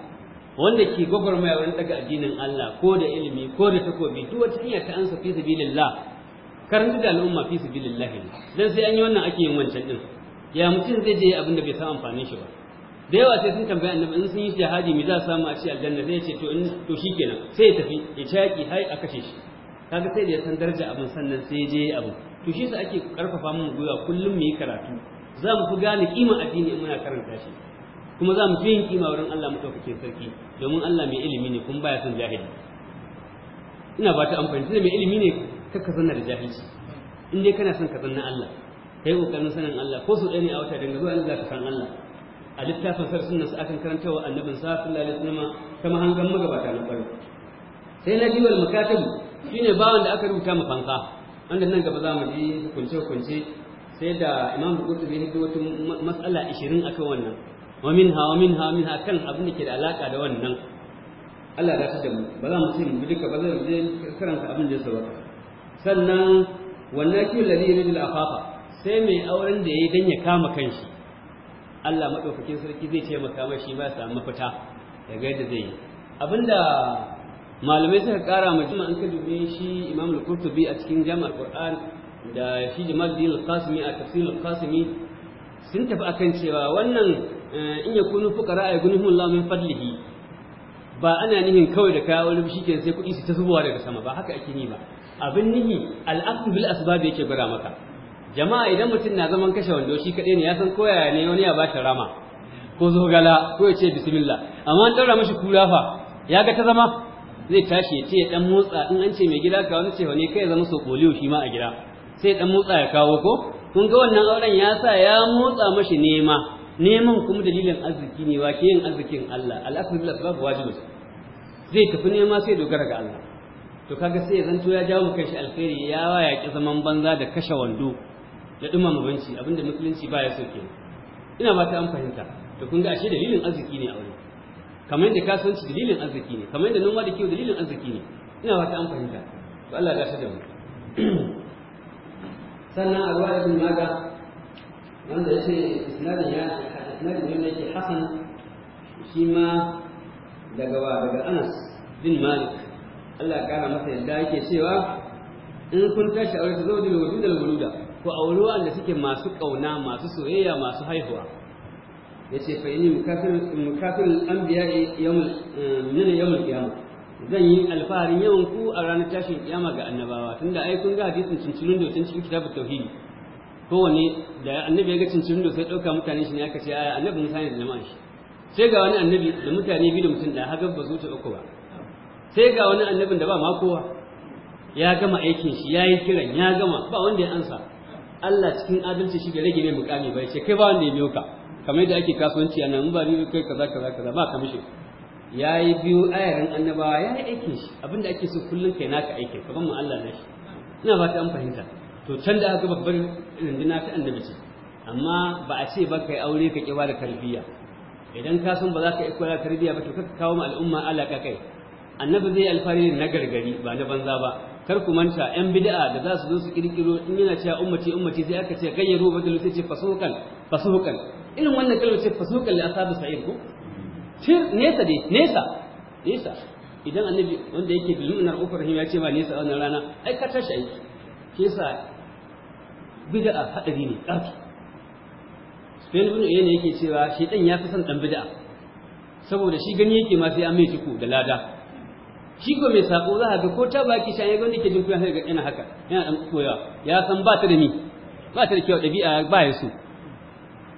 wanda ke gwagwarmaya wani daga addinin Allah ko da ilimi ko da takobi duk wata hanya ta ansa fi sabilillah karanta da al'umma fi sabilillah dan sai an yi wannan ake yin wancan din ya mutum zai je abin da bai san amfanin shi ba da yawa sai sun tambaya annabi in sun yi jihadi me za su samu a ci aljanna zai ce to in to shikenan sai ya tafi ya caki hai a kashe shi kaga sai da ya san daraja abin sannan sai ya je abin to shi sa ake karfafa mun gwiwa kullum mu yi karatu za mu fi gane kima addini in muna karanta shi kuma za mu fi yin kima wurin Allah madaukakin sarki domin Allah mai ilimi ne kuma baya son jahili ina ba ta amfani tunda mai ilimi ne ka ka zanna da jahilci in dai kana son ka zanna Allah kai kokarin sanin Allah ko su ɗani a wata danga zuwa Allah ka san Allah a littafin sar sunnan sa akan karantawa annabin sa sallallahu alaihi wasallam kama hangan magabata na ƙwarai sai na diwal makatabu shine bawan da aka rubuta mu fanka wanda nan gaba za mu ji kunce-kunce sai da imam bukutu ya hidda wata matsala 20 akan wannan wa minha wa minha wa minha kan abin da ke da alaka da wannan Allah ya dace da mu ba za mu ce mu duka ba zai je karanta abin da ya sauka sannan wannan kiwon ladhi yuridu al-afafa sai mai auren da yayi don ya kama kanshi Allah madaukakin sarki zai taimaka mashi ba samu mafita daga yadda zai yi abinda malamai suka kara ma jima'an ka dube shi imam al-qurtubi a cikin jami'ar qur'an da shi jamal din al-qasimi a tafsir al-qasimi sun tafi akan cewa wannan Eh, in ya kunu fuqara ay gunhum min fadlihi ba ana nihin kawai da kaya wani shi sai kuɗi su ta zubowa daga sama ba haka ake ni ba abin nihi al'aqdu bil asbab yake gura maka jama'a idan mutum na zaman kashe wando shi kaɗai ne ya san koyaya ne wani ya ba shi rama ko zogala ko ya ce bismillah amma an ɗaura mashi kura fa ya ga ta zama zai tashi ya ce ya ɗan motsa in an ce mai gida ka wani cewa ne kai ya zama so koliyo shi ma a gida sai ya ɗan motsa ya kawo ko kun ga wannan auren ya sa ya motsa mashi nema neman kuma dalilin arziki ne wa ke yin arzikin Allah al'asmi bil asbab wajib zai tafi nema sai dogara ga Allah to kaga sai zanto ya jawo shi alkhairi ya waya ki zaman banza da kashe wando da duma mabanci abinda musulunci ba ya so kenan ina ba ta an fahimta to kun ga ashe dalilin arziki ne a wurin kamar yadda kasuwanci dalilin arziki ne kamar yadda noma da kiwo dalilin arziki ne ina ba ta an fahimta to Allah ya da mu sannan a ruwa ibn maga wanda ya ce isnadin ya isnadin ne yake hasan shi ma daga wa daga anas bin malik Allah ya kara masa yadda yake cewa in kun tashi aure zo da wujud da wuluda ko aure wanda suke masu kauna masu soyayya masu haihuwa yace fa inni mukafir mukafir anbiya yawm min eh, yawm qiyamah zan yi alfaharin yawan ku a ranar tashin kiyama ga annabawa tunda ai kun ga hadisin cincinin da cikin kitabut tauhidi kowane da annabi ya ga cincin da sai ɗauka mutane shi ne aka ce aya annabi musa ne da jama'a shi sai ga wani annabi da mutane biyu da mutum da haka ba su ta uku ba sai ga wani annabin da ba ma kowa ya gama aikin shi ya yi kiran ya gama ba wanda ya ansa Allah cikin adalci shi gare rage mai mukami ba ce kai ba wanda ya biyo ka kamar yadda ake kasuwanci a nan ba biyu kai kaza kaza kaza ba ka mishi ya yi biyu ayarin annabawa ya yi aikin shi abinda ake so kullum kai naka aikin kaban mu Allah na shi ina ba ta an fahimta to can da aka babbar rundina ta annabi ce amma ba a ce ba kai aure ka kiba da tarbiyya idan ka san ba za ka da tarbiyya ba to ka kawo ma al'umma alaka kai annabi zai alfari na gargari ba na banza ba kar ku manta yan bid'a da za su zo su kirkiro in yana cewa ummati ummati sai aka ce gayyaru da sai ce fasukan fasukan irin wannan kalmar ce fasukan li asabu sa'id ko tir nesa dai nesa nesa idan annabi wanda yake bilunar ufrahim ya ce ma nesa wannan rana ai ka tashi aiki kisa Bida'a hadari ne ƙarfi Sufyan ibn Uyayna yake cewa ɗan ya fi son dan bida'a, saboda shi gani yake ma sai an mai ciko da lada shi ko mai sako za ga ko ta baki shi yaga wanda ke jin kuya sai ga yana haka yana dan koyawa ya san ba ta da ni ba ta da kyau ɗabi'a ba ya so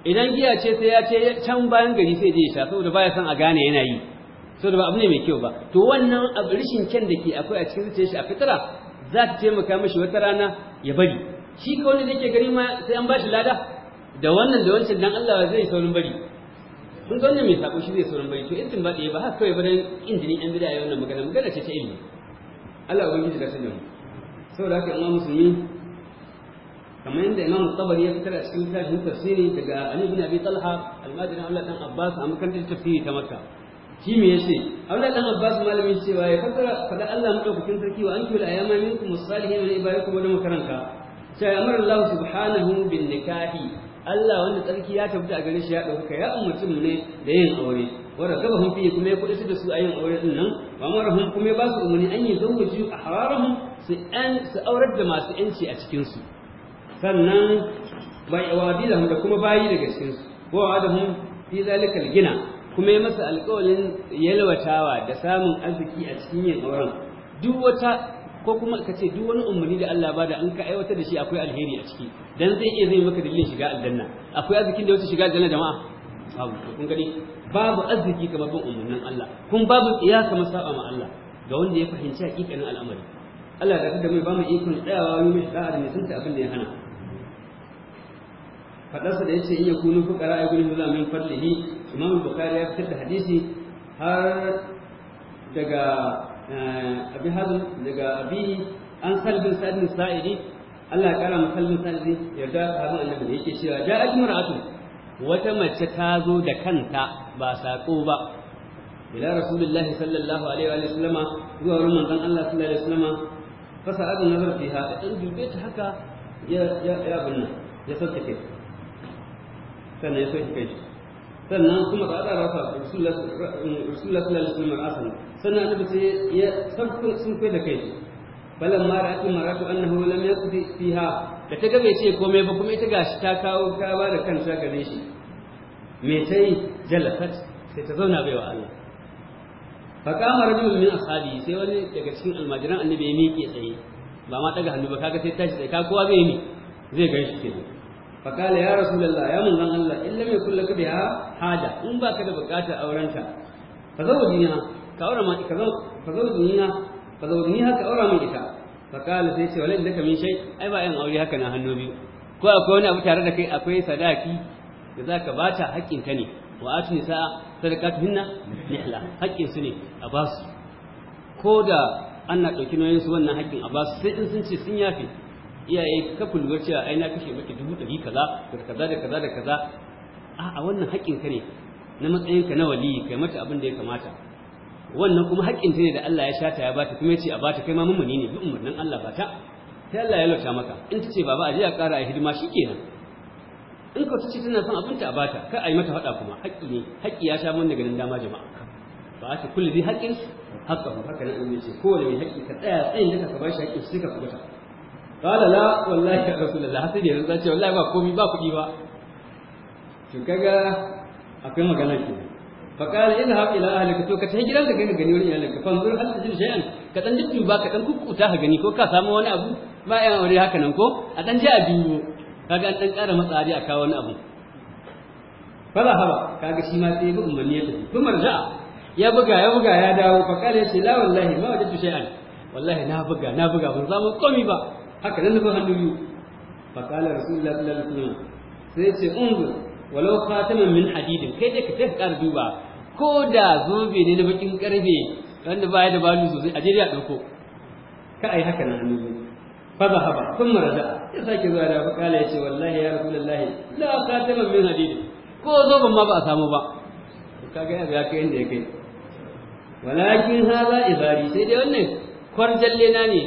idan giya ce sai ya ce can bayan gari sai je ya sha saboda ba ya san a gane yana yi saboda ba abu ne mai kyau ba to wannan rashin kyan da ke akwai a cikin zuciyar shi a fitara za ta taimaka mashi wata rana ya bari shi wani zai ke gari ma sai an bashi lada da wannan da wancan dan Allah zai saurin bari kun ga wannan mai sako shi zai saurin bari to idan ba ba haka kawai ba dan injinin yan bid'a wannan magana magana ce ta ilmi Allah ya gani da sanin saboda haka imam musulmi kamar yadda imam tabari ya fitar a cikin littafin tafsiri daga ali ibn abi talha almadirin Allah dan abbas a makarantar tafsiri ta makka shi me yace Allah dan Abbas malamin cewa ya fassara fada Allah madaukakin sarki wa ankiul ayama minkum salihin wa ibarakum wa makaranta ta'amar Allah subhanahu bin nikahi Allah wanda tsarki ya tabbata a gare shi ya dauka ya mutum ne da yin aure wa rakabahum fi kuma ya kudi da su a yin aure din nan wa marhum kuma ba su umarni an yi a ahwarahum su an su aurar da masu yanci a cikin su sannan bai awadi da kuma bayi daga cikin su wa wadahum fi zalikal gina kuma ya masa alƙawalin yalwatawa da samun arziki a cikin yin auren duk wata ko kuma ka ce duk wani umarni da Allah ba da an ka aiwatar da shi akwai alheri a ciki dan zai iya zai maka dalilin shiga aljanna akwai azikin da wuce shiga aljanna jama'a babu kun gani babu arziki kamar bin umarnin Allah kun babu iyaka masaba ma Allah ga wanda ya fahimci hakikanin al'amari Allah da da mai ba mu ikon tsayawa mu mai da'a mai mutunta abin da ya hana fadarsa da yace in ya kunu fuqara ay gunu za min fadlihi Imam Bukhari ya fitar da hadisi har daga abi hal daga abi an salbin sa'idin sa'idi Allah ya kara mu salbin sa'idi yarda har annabi da yake cewa da ajmuratu wata mace ta zo da kanta ba sako ba ila rasulullahi sallallahu alaihi wa sallam, zuwa wurin manzon Allah sallallahu alaihi wa sallam. fa sa'adun nazar fiha in dube ta haka ya ya ya bunna ya sauke kai sannan ya sauke sannan kuma da ala lasu rasulullah sallallahu alaihi wasallam sannan annabi sai ya sabkun sun kai da kai balan ma ra'atu maratu annahu lam yaqdi fiha da ta gabe ce komai ba kuma ita gashi ta kawo ba da kansa gare shi me ta yi sai ta zauna baiwa Allah fa kama rajulun min ashabi sai wani daga cikin almajiran annabi ya miƙe tsaye ba ma daga hannu ba kaga sai tashi tsaye ka kowa zai mi zai gaishe kenan fakala ya rasu ya mun nan Allah in lam yakul laka biha haja in baka da bukatar aurenta fa zawjina ka aura ma ka fa zawjina fa zawjina ka aura min ita fakala sai ce walai laka min shay ai ba yan aure haka na hannu biyu ko akwai wani abu tare da kai akwai sadaki da zaka bata haƙƙin ka ne wa atu nisa sadaqatuhunna nihla haƙƙin ne a ko da ana ɗauki nauyin su wannan haƙƙin a sai in sun ce sun yafe iyaye ka kullu cewa ai na kashe maka dubu ɗari kaza da kaza da kaza da kaza a wannan haƙƙin ka ne na matsayin ka na waliyi kai mata abin da ya kamata wannan kuma haƙƙin ta ne da Allah ya shata ya bata kuma ya ce a bata kai ma mummuni ne duk umarnin Allah bata sai Allah ya lauta maka in ta ce baba a je a ƙara a hidima shikenan in ka ce tana son abinta a bata kai a yi mata faɗa kuma haƙƙi ne haƙƙi ya sha mun daga nan dama jama'a ba a ce kullu zai haƙƙin haƙƙa haka nan an ce kowane mai haƙƙi ka tsaya tsayin da ka bashi haƙƙin sai ka kubuta qala la wallahi ya rasulullah sai da rantsa ce wallahi ba komi ba kuɗi ba to kaga akwai magana ke fa qala ilha ila ahlika to ka ta gidanka kai ka gani wurin iyalinka fa zur hal tajin shay'an ka dan dudduba ka ɗan kukkuta ka gani ko ka samu wani abu ba yan da haka nan ko a ɗan je a biyo kaga an ɗan ƙara matsari a kawo wani abu shi umarni ya tafi ya buga ya buga ya dawo haka lallaba hannu biyu fa qala rasulullahi sallallahu alaihi wasallam sai ce unzu walau khataman min hadidin kai dai ka sai ka ƙara duba ko da zobe ne na bakin karfe wanda baya da balu sosai a je ya dauko ka ai haka nan hannu biyu fa zahaba thumma raja'a ya sake zuwa da fa ya ce wallahi ya rasulullahi la khataman min hadidin ko zoben ma ba a samu ba kaga ya ga kai inda ya kai walakin hadha izari sai dai wannan kwarjalle na ne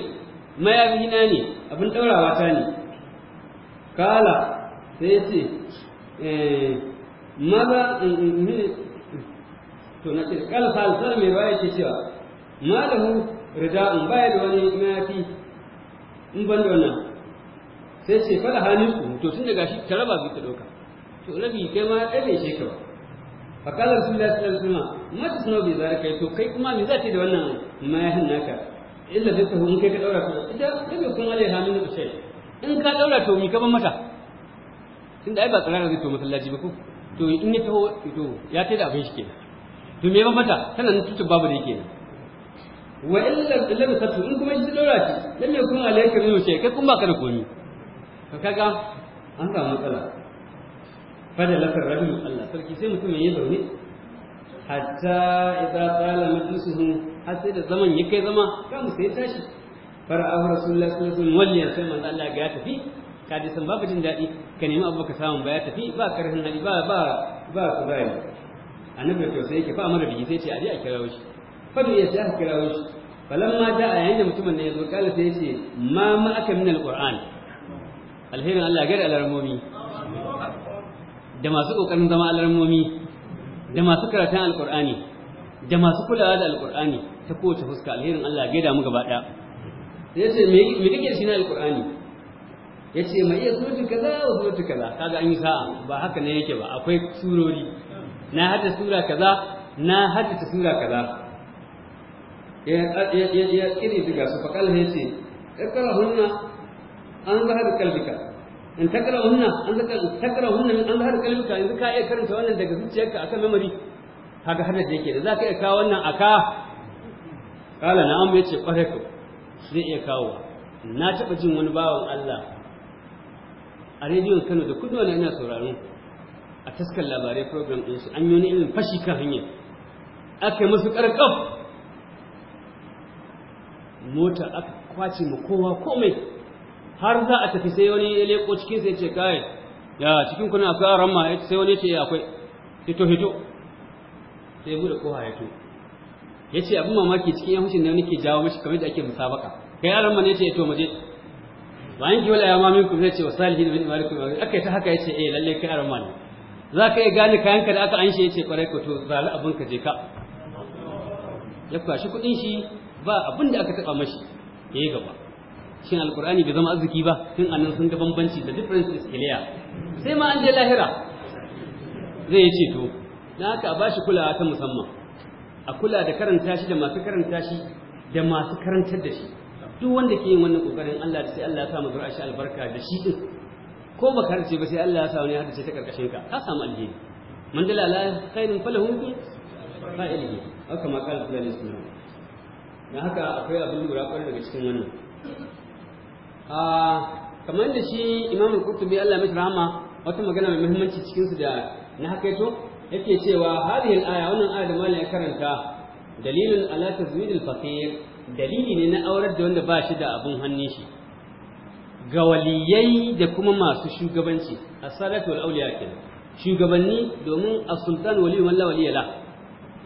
mayafina ne abin ɗaurawa ta ne kala sai ce eh, maza eh, eh, to na ce falsar mai baya ke cewa rida'un baya da wani mayafi in ban da wannan sai ce fada to daga shi ta raba ta ɗauka to rabi kai ma to kai kuma da wannan naka illa da ta in kai ka daura to ita ta bai kun alaiha min sai in ka daura to mi ka ban mata tunda ai ba tsarara zai to masallaci ba ko to in ya taho to ya ta da abin shi kenan to me ban mata tana nan tutu babu da yake nan wa illa ta tatu in kuma shi daura ki lam yakun alayka min sai kai kun ka da komi to kaga an samu matsala fada lakar rajul Allah sarki sai mutum ya yi zaune hatta idza qala majlisuhu hatta da zaman ya kai zama kan sai tashi fara'ahu rasulullahi sallallahu alaihi wasallam walliyan sai manzo Allah ya tafi ka ji san babu jin dadi ka nemi abu ka samu ba ya tafi ba karfin hali ba ba ba su bai annabi to sai yake fa amara bihi sai ce aje a kirawo shi fa bi ya sai kirawo shi falamma da a yayin da mutumin ne ya zo kala sai yace ma ma aka min alquran alheri Allah ya gari alarmomi da masu kokarin zama alarmomi da masu karatun alkur'ani da masu kulawa da alkur'ani ta kowace fuska alherin Allah gaida mu gaba ɗaya sai ce me kake shi na alkur'ani yace mai iya suratu kaza wa suratu kaza kaga an yi sa'a ba haka ne yake ba akwai surori na hada sura kaza na hada ta sura kaza ya ya ya kiri diga su faqal yace hunna an zahar kalbika in hunna an zaka takrahunna an zaka kalmika yanzu ka iya karanta wannan daga zuciyarka akan memory kaga da yake da zaka iya kawo wannan aka kala na'am yace kware ko zai iya kawo na taba jin wani bawan Allah a rediyon Kano da kudu ina sauraro a taskar labarai program din su an yi wani irin fashi kan hanya aka yi musu karkaf mota aka kwace mu kowa komai har za a tafi sai wani ya leko cikin sai ce kai ya cikin kuna akwai aron ma sai wani ce eh, ya akwai hito hito sai bude ko ya to ya ce abin mamaki cikin yan hushin da wani ke jawo mashi kamar da ake musabaka kai aron ramma ne ce eh, to maje bayan ki wala ya ma minkum zai ce wa salihin min imalikum aka ta haka ya ce eh lalle kai aron ma ne za ka iya gane ka da aka anshe ya ce kwarai ko to zali abin ka je ka ya kwashi kudin shi ba abin da aka taba mashi ya yi gaba shin alkur'ani bai zama arziki ba tun anan sun ga bambanci da difference is clear sai ma an je lahira zai yi ceto na haka a bashi kulawa ta musamman a kula da karanta shi da masu karanta shi da masu karantar da shi duk wanda ke yin wannan kokarin Allah da sai Allah ya sa mazura shi albarka da shi din ko ba karce ba sai Allah ya sa wani hadace ta karkashin ka ka samu alheri man dala la khairin falahu Fa fa'ilihi haka ma kana sallallahu alaihi wasallam Na haka akwai abin lura kwarai daga cikin wannan kamar da shi imamu kurtubi Allah mai rahama wata magana mai muhimmanci cikin su da na hakaito yake cewa hadhihi al-aya wannan aya da ya karanta dalilun ala tazwidil faqir dalili ne na aurar da wanda ba shi da abun hannun shi ga waliyai da kuma masu shugabanci as-salatu wal awliya kenan shugabanni domin a sultan waliyun wallahi waliyala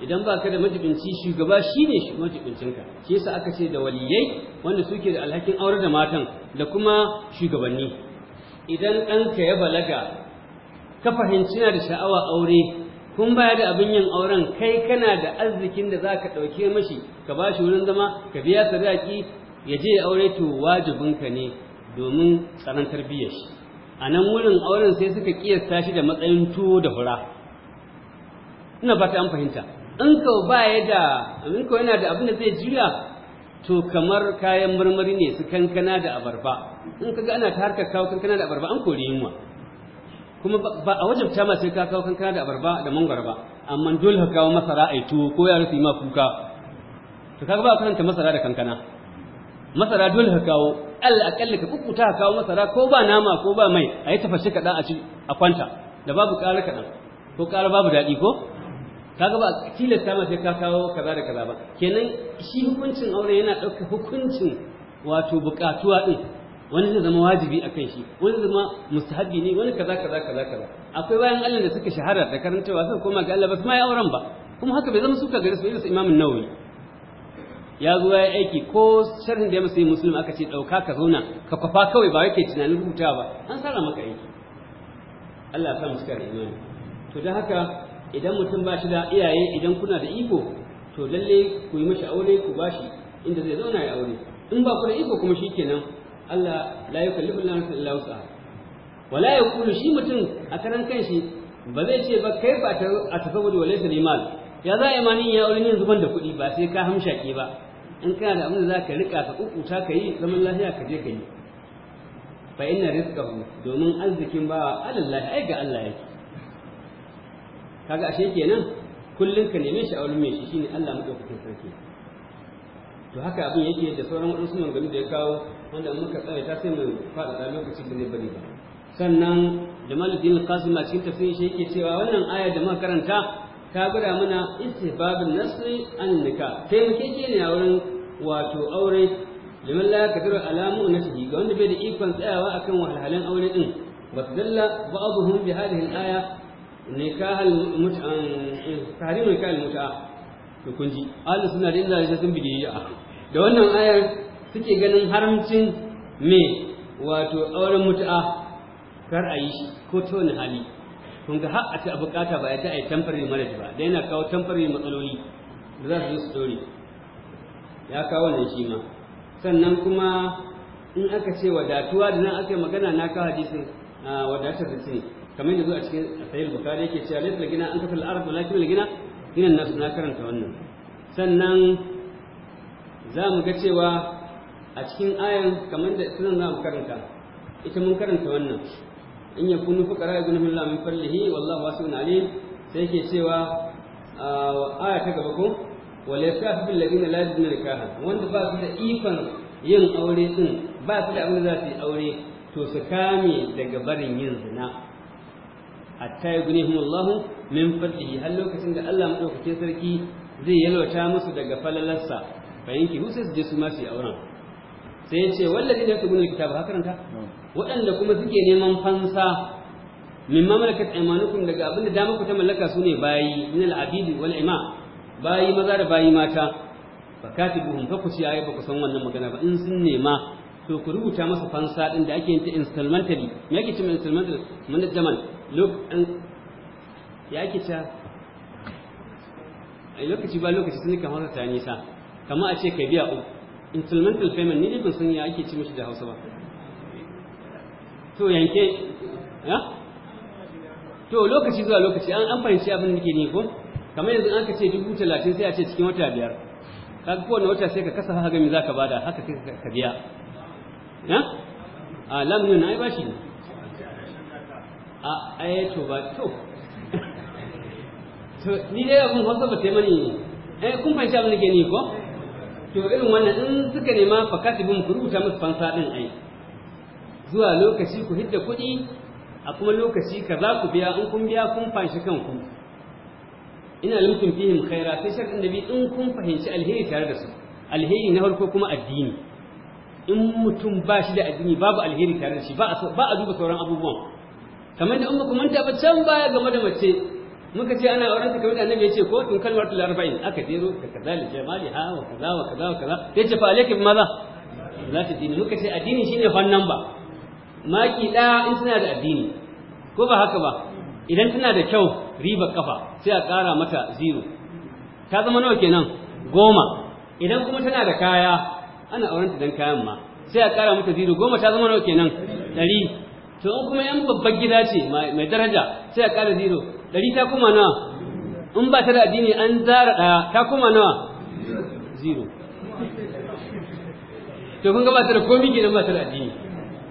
idan ba ka da majibinci shugaba shine majibincinka shi yasa aka ce da waliyai wanda suke da alhakin aurar da matan da kuma shugabanni idan ɗanka ya balaga ka fahimci na da sha'awa aure kun baya da abin yin auren kai kana da arzikin da za ka ɗauke mashi ka ba shi wurin zama ka biya sadaki ya je ya aure to wajibinka ne domin tsaron tarbiyyar shi a nan wurin auren sai suka kiyasta shi da matsayin tuwo da fura ina fata an fahimta in ka ba ya da in ka yana da abin da zai jira to kamar kayan marmari ne su kankana da abarba in kaga ana ta harkar kawo kankana da abarba an kori yunwa kuma ba a wajen ta masu ka kawo kankana da abarba da mangwara ba amma dole ka kawo masara a tuwo ko ya su yi ma kuka to kaga ba a karanta masara da kankana masara dole ka kawo al ka kukkuta ka kawo masara ko ba nama ko ba mai a yi tafashe kaɗan a ci a kwanta da babu ƙara kaɗan ko ƙara babu daɗi ko kaga ba tilasta ma sai ka kawo kaza da kaza ba kenan shi hukuncin aure yana ɗauka hukuncin wato buƙatuwa ɗin wani zai zama wajibi a kan shi wani zama mustahabi ne wani kaza kaza kaza kaza akwai bayan Allah da suka shahara da karantawa suka koma ga Allah ba su ma ya auren ba kuma haka bai zama suka gare su irin su Nawawi ya zo ya aiki ko sharhin da ya masa yi musulun aka ce ɗauka ka zauna ka kwafa kawai ba yake tunanin rubutawa ba an sara maka aiki Allah ya sa mu da imani to don haka idan mutum ba shi da iyaye idan kuna da iko to lalle ku yi mashi aure ku bashi inda zai zauna ya aure in ba ku da iko kuma shikenan Allah la yukallifu nafsan illa wus'aha wala yaqulu shi mutum a karan kanshi ba zai ce ba kai ba a tasawwur wa laysa limal ya za a imani ya aure ne zuban da kuɗi ba sai ka ke ba in kana da abin da ka rika ka kukuta ka yi zaman lafiya ka je ka yi fa inna rizqahu domin arzikin ba alallahi ai ga Allah yake kaga ashe kenan kullun ka neme shi a wurin mai shi shine Allah madaukakin sarki to haka abin yake da sauran wadansu manganu da ya kawo wanda muka tsare ta sai mu faɗaɗa lokaci da ne bari ba sannan jamaluddin al-qasim a cikin tafsirin shi yake cewa wannan aya da muka karanta ta gura mana istihbabun nasri an nikah taimakeke ne a wurin wato aure liman la yaqdiru ala mu'natihi ga wanda bai da ikon tsayawa akan wahalhalun aure din wasdalla ba'dhum bi hadhihi al-aya nikah al-mut'a tahrimu nikah al-mut'a to kun ji ahlus sunna da inda sun bige ya da wannan ayar suke ganin haramcin me wato auren mut'a kar a yi ko ta wani hali kun ga har a ta bukata ba ya ta ai temporary marriage ba da yana kawo temporary matsaloli da za su yi su dore ya kawo wannan shi ma sannan kuma in aka ce wadatuwa da nan aka yi magana na kawo hadisin ah, wadatar da ne kamar yanzu a cikin sahih bukhari yake cewa laysa la'gina an kafa al-arab walakin al-gina nas na karanta wannan sannan za mu ga cewa a cikin ayan kamar da sunan za mu karanta ita mun karanta wannan in ya kunu fuqara ya gunu billahi min fadlihi wallahu wasi'un alim sai yake cewa aya ta gaba ko wala yasafu bil ladina la yajiduna nikaha wanda ba su da ikon yin aure din ba su da abin da za su yi aure to su kame daga barin yin zina hatta yughnihum Allah min fadlihi har lokacin da Allah madaukakin sarki zai yalwata musu daga falalarsa fa yanki husa su je su ma su yi auren sai ya ce wallahi da su gune kitabu haka karanta waɗanda kuma suke neman fansa min mamlakat imanukum daga abin da dama ku ta mallaka su ne bayi min al-abidi wal ima bayi maza da bayi mata fa katibuhum fa ku ci ayi ba ku san wannan magana ba in sun nema to ku rubuta masa fansa din da ake yin ta installmentally me yake cewa installmentally mun da ya ake ta a lokaci ba lokaci sun kamar ta nisa kama a ce ka biya uku instrumental payment ni ban san ya ake ci mishi da hausa ba to yanke ya to lokaci zuwa lokaci an fahimci abin da ke ni ko kamar yanzu an ka ce dubu talatin sai a ce cikin wata biyar kaga kowane wata sai ka kasa haka me za ka bada haka ka biya ya a lamunin na ai bashi ne a eh to ba to to ni dai abin wasu ba sai mani eh kun fahimci abin da ke ni ko to irin wannan in suka nema fakatibin ku rubuta musu fansa din ai zuwa lokaci ku hidda kuɗi a kuma lokaci kaza ku biya in kun biya kun fanshi kanku ina lumkin fihim khaira sai sharadin da in kun fahimci alheri tare da su alheri na farko kuma addini in mutum ba shi da addini babu alheri tare da shi ba a duba sauran abubuwan kamar da in ku manta ba can baya game da mace muka ce ana auren ta kamar da annabi ya ce ko in kalmar tul arba'in aka jero ka kaza li jamali ha wa kaza wa kaza wa kaza yace fa alayka bi maza za ta dini muka ce addini shine fannan ba maki ɗaya in suna da addini ko ba haka ba idan tana da kyau riba kafa sai a ƙara mata zero ta zama nawa kenan goma idan kuma tana da kaya ana auren ta dan kayan ma sai a ƙara mata zero goma ta zama nawa kenan ɗari to in kuma yan babban gida ce mai daraja sai a ƙara zero ɗari ta kuma nawa in ba ta da addini an zara ɗaya ta kuma nawa zero to kun ga ta da komi gidan ba ta da addini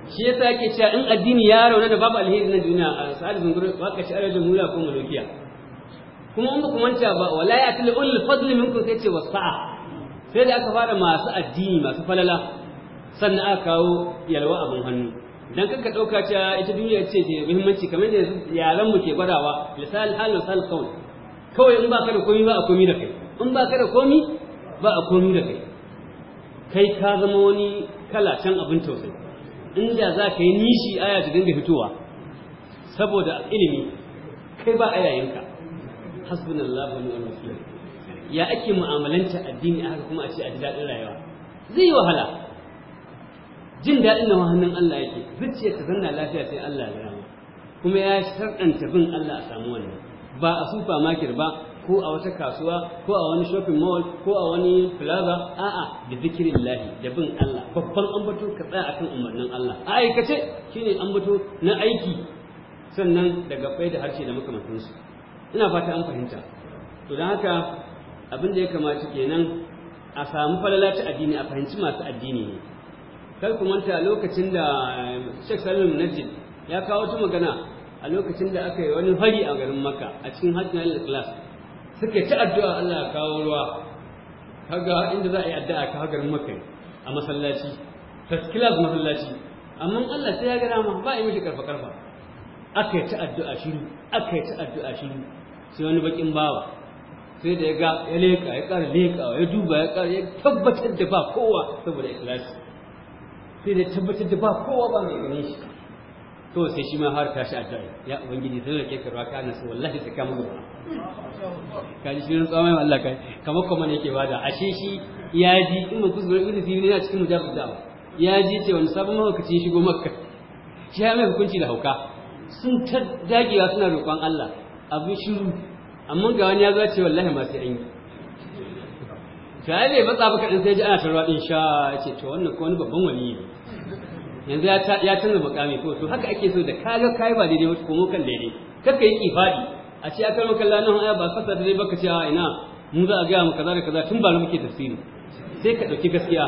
shi yasa ake cewa in addini ya rauna da babu alheri na duniya a sa'ad zungur ka shi da mula ko malokiya kuma in ba ku manta ba wala ya tuli ulul minkum sai ce wasa'a sai da aka fara masu addini masu falala sannan aka kawo yalwa abin hannu dan kanka dauka ta ita duniya ce da muhimmanci kamar da yaran mu ke gwadawa misal hal misal kaun kawai in ka da komi ba a komi da kai in ba ka da komi ba a komi da kai kai ka zama wani kala can abin tausayi In da za ka yi nishi aya ta dinga fitowa saboda ilimi kai ba a ayayinka hasbunallahu wa ni'mal wakeel ya ake mu'amalanta addini haka kuma a ce a ji daɗin rayuwa zai yi wahala jin daɗin nan hannun Allah yake zuciya ta zanna lafiya sai Allah ya rama kuma ya sharɗanta bin Allah a samu wannan ba a supermarket ba ko a wata kasuwa ko a wani shopping mall ko a wani plaza a'a da zikirin lahi da bin Allah babban ambato ka tsaya akan umarnin Allah a aikace shine ambato na aiki sannan daga fai da harshe da makamantansu ina fata an fahimta to don haka abin da ya kamata kenan a samu falala addini a fahimci masu addini ne kar ku manta lokacin da eh, Sheikh Salim Najib ya kawo ta magana a lokacin da aka yi wani hari a garin Makka a cikin Hajjin al-Ikhlas suka ci addu'a Allah ya kawo ruwa kaga inda za a yi addu'a ka garin Makka a masallaci first class masallaci amma Allah sai ya ga dama ba a yi mishi karfa karfa aka yi ta addu'a shiru aka yi ta addu'a shiru sai wani bakin bawa sai da ya ga ya leka ya ƙara leka ya duba ya ƙara ya tabbatar da ba kowa saboda ikhlasi sai da tabbatar da ba kowa ba mai gane shi to sai shi ma har tashi addu'a ya ubangiji sai rake ka raka na so wallahi sai ka mu gaba ka ji shirin tsawon Allah kai kamar kuma ne yake bada ashe shi ya ji in mu kuzurin ibnu fi ne a cikin mujabbu da'wa ya ji ce wani sabon shi shigo makka shi ya mai hukunci da hauka sun ta dagewa suna roƙon Allah abin shiru amma ga wani ya zo ce wallahi ma sai an yi yayi ne matsa baka din sai ji ana tarwa ɗin sha yace to wannan ko wani babban wani ne yanzu ya canza mukami ko to haka ake so da kaga kai ba daidai wata komo kan daidai kakka yi faɗi a ce aka rokan na aya ba fasa daidai baka ce a ina mu za a gaya mu kaza da kaza tun ba muke tafsiri sai ka ɗauki gaskiya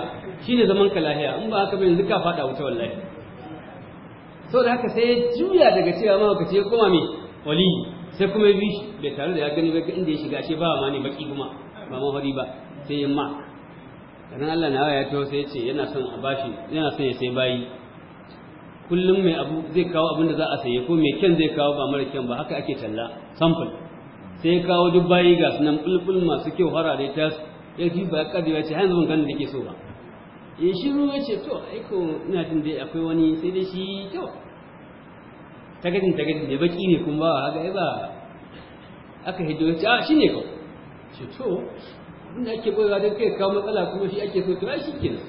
shine zaman ka lahiya in ba haka ba yanzu ka faɗa wuta wallahi Sau da haka sai juya daga cewa mahaukaci ya koma mai wali sai kuma bi shi bai tare da ya gani ba inda ya shiga shi ba ma ne baki kuma ba mahari ba sai ma dan Allah na ya to sai ce yana son a bashi yana son ya sai bayi kullum mai abu zai kawo abin da za a saye ko mai kyan zai kawo ba mara kyan ba haka ake talla sample sai ya kawo duk bayi ga sunan bulbul masu kyau da ta ya fi ba kadi ya ce hanzu yanzu ban da ke so ba ya shiru ya ce to aiko ina jin dai akwai wani sai dai shi kyau tagadin tagadin da baki ne kuma ba haka ai ba aka hido ya ce a ah, shine ko ce to inda ake boyewa don kai kawo matsala kuma shi ake so to shi shikenan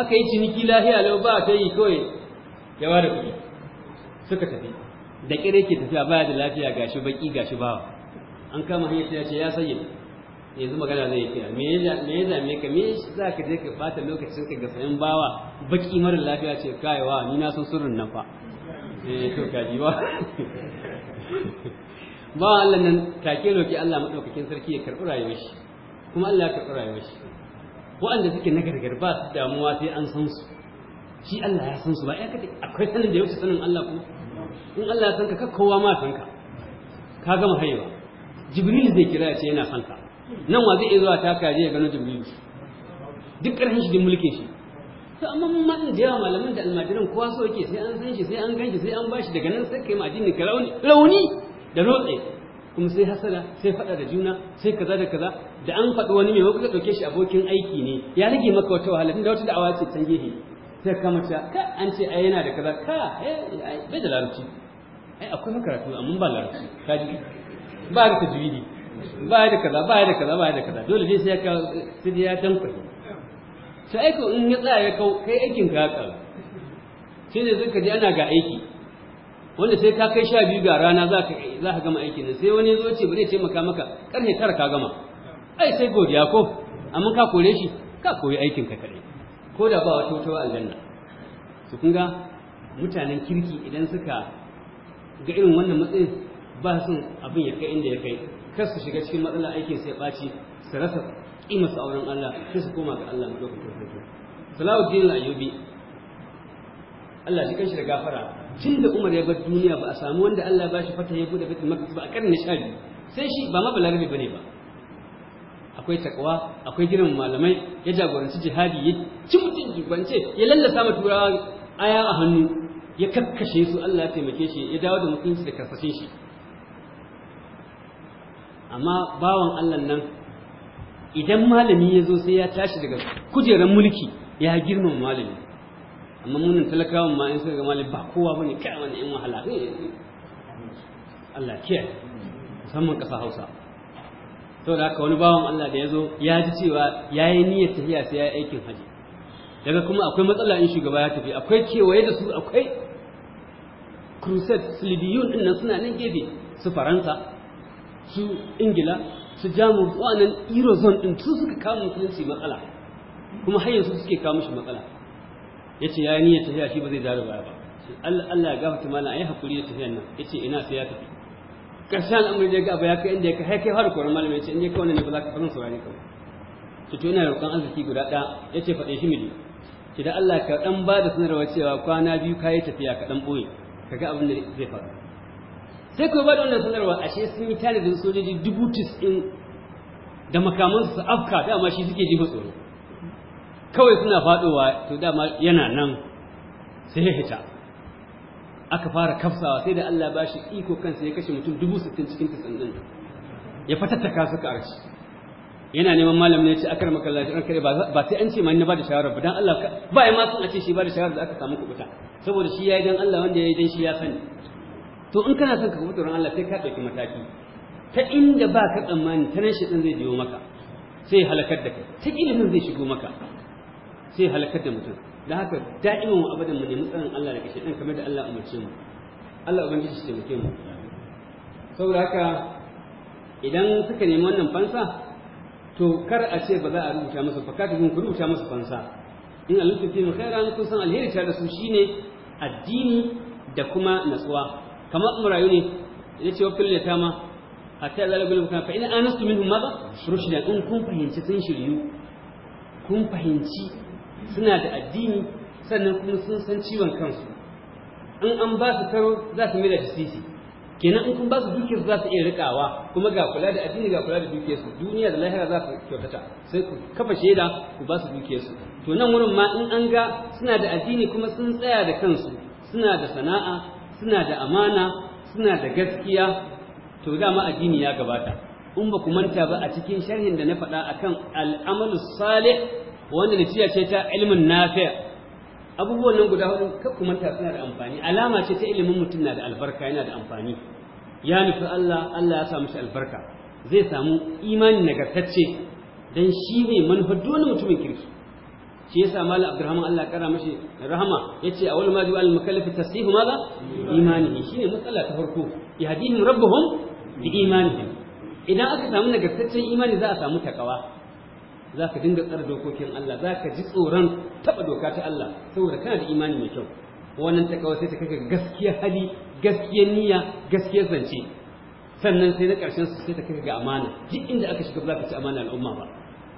aka yi ciniki lahiya lau ba ta yi kawai yawa da kuɗi suka tafi da kire ke tafiya baya da lafiya gashi baki gashi bawa an kama hanyar ta ce ya sanya yanzu magana zai kira me ya me zame ka me za ka je ka bata lokacin ka ga sayan bawa baki mara lafiya ce kaiwa ni na san sirrin nan fa eh to ka ji ba ba Allah nan take roki Allah madaukakin sarki ya karɓi rayuwar shi kuma Allah ya karɓi rayuwar shi waɗanda suke na gargar ba su damuwa sai an san su shi Allah ya san su ba ya kace akwai sanin da ya wuce sanin Allah ko in Allah ya san ka kowa ma san ka ka gama haihuwa Jibril zai kira ya ce yana san ka nan wa zai zuwa ta je ya gano Jibril duk ƙarfin shi da mulkin shi to amma mun ma da yawa malaman da almajiran kowa so yake sai an san shi sai an ganshi sai an bashi daga nan sai kai ma addinin ka rauni rauni da rotse kuma sai hasala sai faɗa da juna sai kaza da kaza da an faɗi wani mai ka ɗauke shi abokin aiki ne ya rage maka wata wahala tunda wata da'awa ce can gehe sai ka mace ka an ce ai yana da kaza ka bai da larabci ai akwai makaratu amma ba larabci ka ji ba da tajwidi ba da kaza ba da kaza ba da kaza dole dai sai ya sai ya tankwaye sai aiko in ya tsaya ya kai aikin ka ka sai ne zaka ji ana ga aiki wanda sai ka kai sha biyu ga rana za ka za ka gama aikin nan sai wani ya zo ce bari ya taimaka maka karhe tara ka gama ai sai godiya ko amma ka kore shi ka koyi aikin ka kaɗai ko da ba wata wata aljanna to kun ga mutanen kirki idan suka ga irin wannan matsayin ba su abin ya kai inda ya kai kar su shiga cikin matsalar aikin sai ɓaci su rasa ƙima su auren Allah sai su koma ga Allah madaukakin sarki Salahuddin Ayyubi Allah shi kanshi da gafara tun da umar ya bar duniya ba a samu wanda Allah ba shi fata ya bude baitul maqdis ba a karni sha sai shi ba ma ba ne ba akwai takawa, akwai girin malamai ya jagoranci jihadi ya ci mutum jubance ya lallasa ma turawa aya a hannu ya kakkashe su Allah taimake shi ya dawo da mutunci da karsashin shi amma bawan Allah nan idan malami ya zo sai ya tashi daga kujerar mulki ya girmama malami amma munin talakawan ma in suka ga malami ba kowa bane kai wani in wahala eh, eh, eh. Allah ke musamman ƙasa Hausa to da haka wani bawan Allah da ya zo ya ji cewa ya yi niyyar tafiya sai ya yi aikin haji daga kuma akwai matsala in shugaba ya tafi akwai kewaye da su akwai kruset silibiyun din nan suna nan gefe su faransa su ingila su jamus wa'annan eurozone din su suka kama musulunci matsala kuma har yanzu suke kawo mishi matsala yace ya yi niyyar tafiya shi ba zai dawo baya ba Allah ya gafarta mana ai hakuri da tafiyan nan yace ina sai ya tafi karshen al'amari da ya gaba ya kai inda ya kai kai har koran malamai yace in ya kai wannan ne ba za ka fara saurare ka to to ina roƙon arziki guda ɗaya yace faɗe shi miji ki da Allah ka dan ba da sanarwa cewa kwana biyu kai tafiya ka dan boye kaga abin da zai faru sai kuma ba da wannan sanarwa ashe sun yi tanadin sojoji dubu tis din da makamansu su afka dama shi suke jifa tsoro kawai suna faɗowa to dama yana nan sai ya hita aka fara kafsawa sai da Allah ba shi iko kansa ya kashe mutum dubu sittin cikin tisin ɗin ya fatattaka su ƙarci yana neman malamin ya ce akar makallaci ran kare ba sai an ce ma ni ba da shawara ba dan Allah ba ai ma sun ace shi ba da shawara da aka samu kubuta saboda shi yayi dan Allah wanda yayi dan shi ya sani to in kana son ka kubuta ran Allah sai ka dauki mataki ta inda ba ka tsammani ta nan shi din zai biyo maka sai halakar da kai ta ilimin zai shigo maka sai halakar da mutum da haka da'imin wa abadan mu nemi mutsarin Allah kashe dan kamar da Allah umarce mu Allah ubangi shi taimake mu saboda haka idan suka nemi wannan fansa to kar a ce ba za a rubuta masa fakatun kun rubuta masa fansa in alimtu fi khairan kun san alheri ta da su shine addini da kuma natsuwa kamar umrayu ne ya ce wa fil yatama hatta zalagul bukan fa in anastu minhum madha rushdan in kun fahimci sun shiryu kun fahimci suna da addini sannan kuma sun san ciwon kansu in an ba su karo za su mila sisi kenan in kun ba su dukiyar za su iya rikawa kuma ga kula da addini ga kula da dukiyar su duniya da lahira za su kyautata sai ku kafa shaida ku ba su dukiyar su to nan wurin ma in an ga suna da addini kuma sun tsaya da kansu suna da sana'a suna da amana suna da gaskiya to dama addini ya gabata in ba ku manta ba a cikin sharhin da na faɗa akan al'amalu salih wanda natija ce ta ilmin nafi' abubuwan nan guda hudu kar ku manta suna da amfani alama ce ta ilimin mutum na da albarka yana da amfani ya nufi Allah Allah ya samu shi albarka zai samu imani nagartacce dan shi ne manufar dole mutumin kirki shi yasa malam abdurrahman Allah kara mashi rahama yace awal ma jiwa al mukallafi tasihu maza imanihi shine matsala ta farko yahdihim rabbuhum bi imanihim idan aka samu nagartaccen imani za a samu takawa za ka dinga tsara dokokin Allah za ka ji tsoron taɓa doka ta Allah saboda kana da imani mai kyau wannan ta kawai sai ta kaka gaskiyar hali gaskiyar niyya gaskiyar zance sannan sai na ƙarshen su sai ta kaka ga amana duk inda aka shiga ba za ka ci amana al'umma ba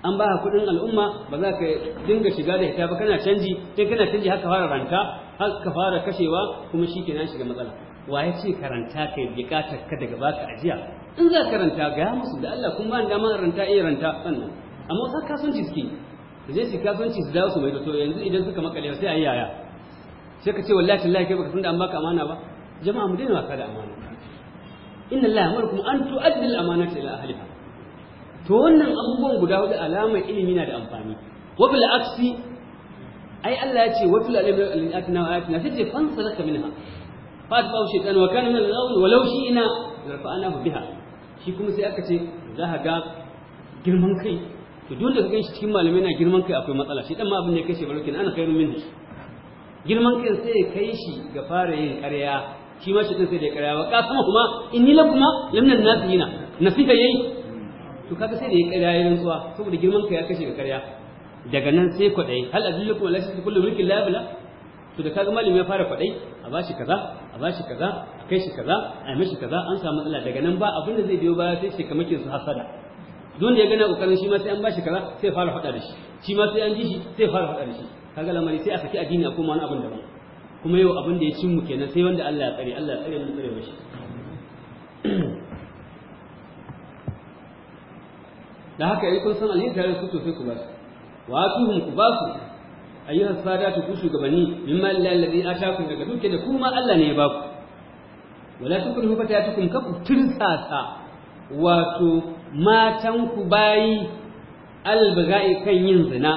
an ba ka kuɗin al'umma ba za ka dinga shiga da hita ba kana canji sai kana canji haka fara ranta haka fara kashewa kuma shi kenan shiga matsala wa ya ce karanta ka yi bukatar ka daga baka ajiya in za ka ranta ga musu da Allah kun ba dama ranta iya ranta sannan amma wasu kasuwanci suke zai su kasuwanci su dawo su mai to yanzu idan suka makale sai ayi yaya sai ka ce wallahi tallahi kai baka san da an baka amana ba jama'a mu daina wasa da amana inna allaha kuma an tu'addu al-amanata ila ahliha to wannan abubuwan guda hudu alamar ilimi na da amfani wa bil aksi ai Allah ya ce wa fil alim na wa atina sai ce fansalaka minha fa ta bawo shaytan wa kana min al-ghawi wa law shi'na larfa'nahu biha shi kuma sai aka ce za ga girman kai to da ka ganshi cikin malamai na girman kai akwai matsala shi dan ma abin da ya kashe barokin ana kairu minhu girman kai sai ya kai shi ga fara yin ƙarya shi ma shi din sai da ƙarya wa kasama kuma inni kuma lamna nasina nasiha yayi to kaga sai da ƙarya ya rantsuwa saboda girman kai ya kashe ga ƙarya daga nan sai kwaɗayi hal kuma la shi kullu mulkin la to da kaga malami ya fara kwaɗayi a bashi kaza a bashi kaza a kai shi kaza a yi shi kaza an samu matsala daga nan ba abin da zai biyo baya sai shi kamakin su hasada don da ya gana kokarin shi ma sai an bashi kaza sai fara faɗa da shi shi ma sai an ji shi sai fara faɗa da shi kaga lamari sai a saki addini a koma wani abin daban kuma yau abin da ya cin mu kenan sai wanda Allah ya tsare Allah ya tsare mu tsare shi da haka yi kun san alhin tare su to sai ku ba su wa atuhum ku ba su ayyuha sadatu ku shugabanni mimma lillahi alladhi atakum daga duke da kuma Allah ne ya ba ku wala tukrihu fatayatukum kafu tirsasa wato matanku bayi albaga'i kan yin zina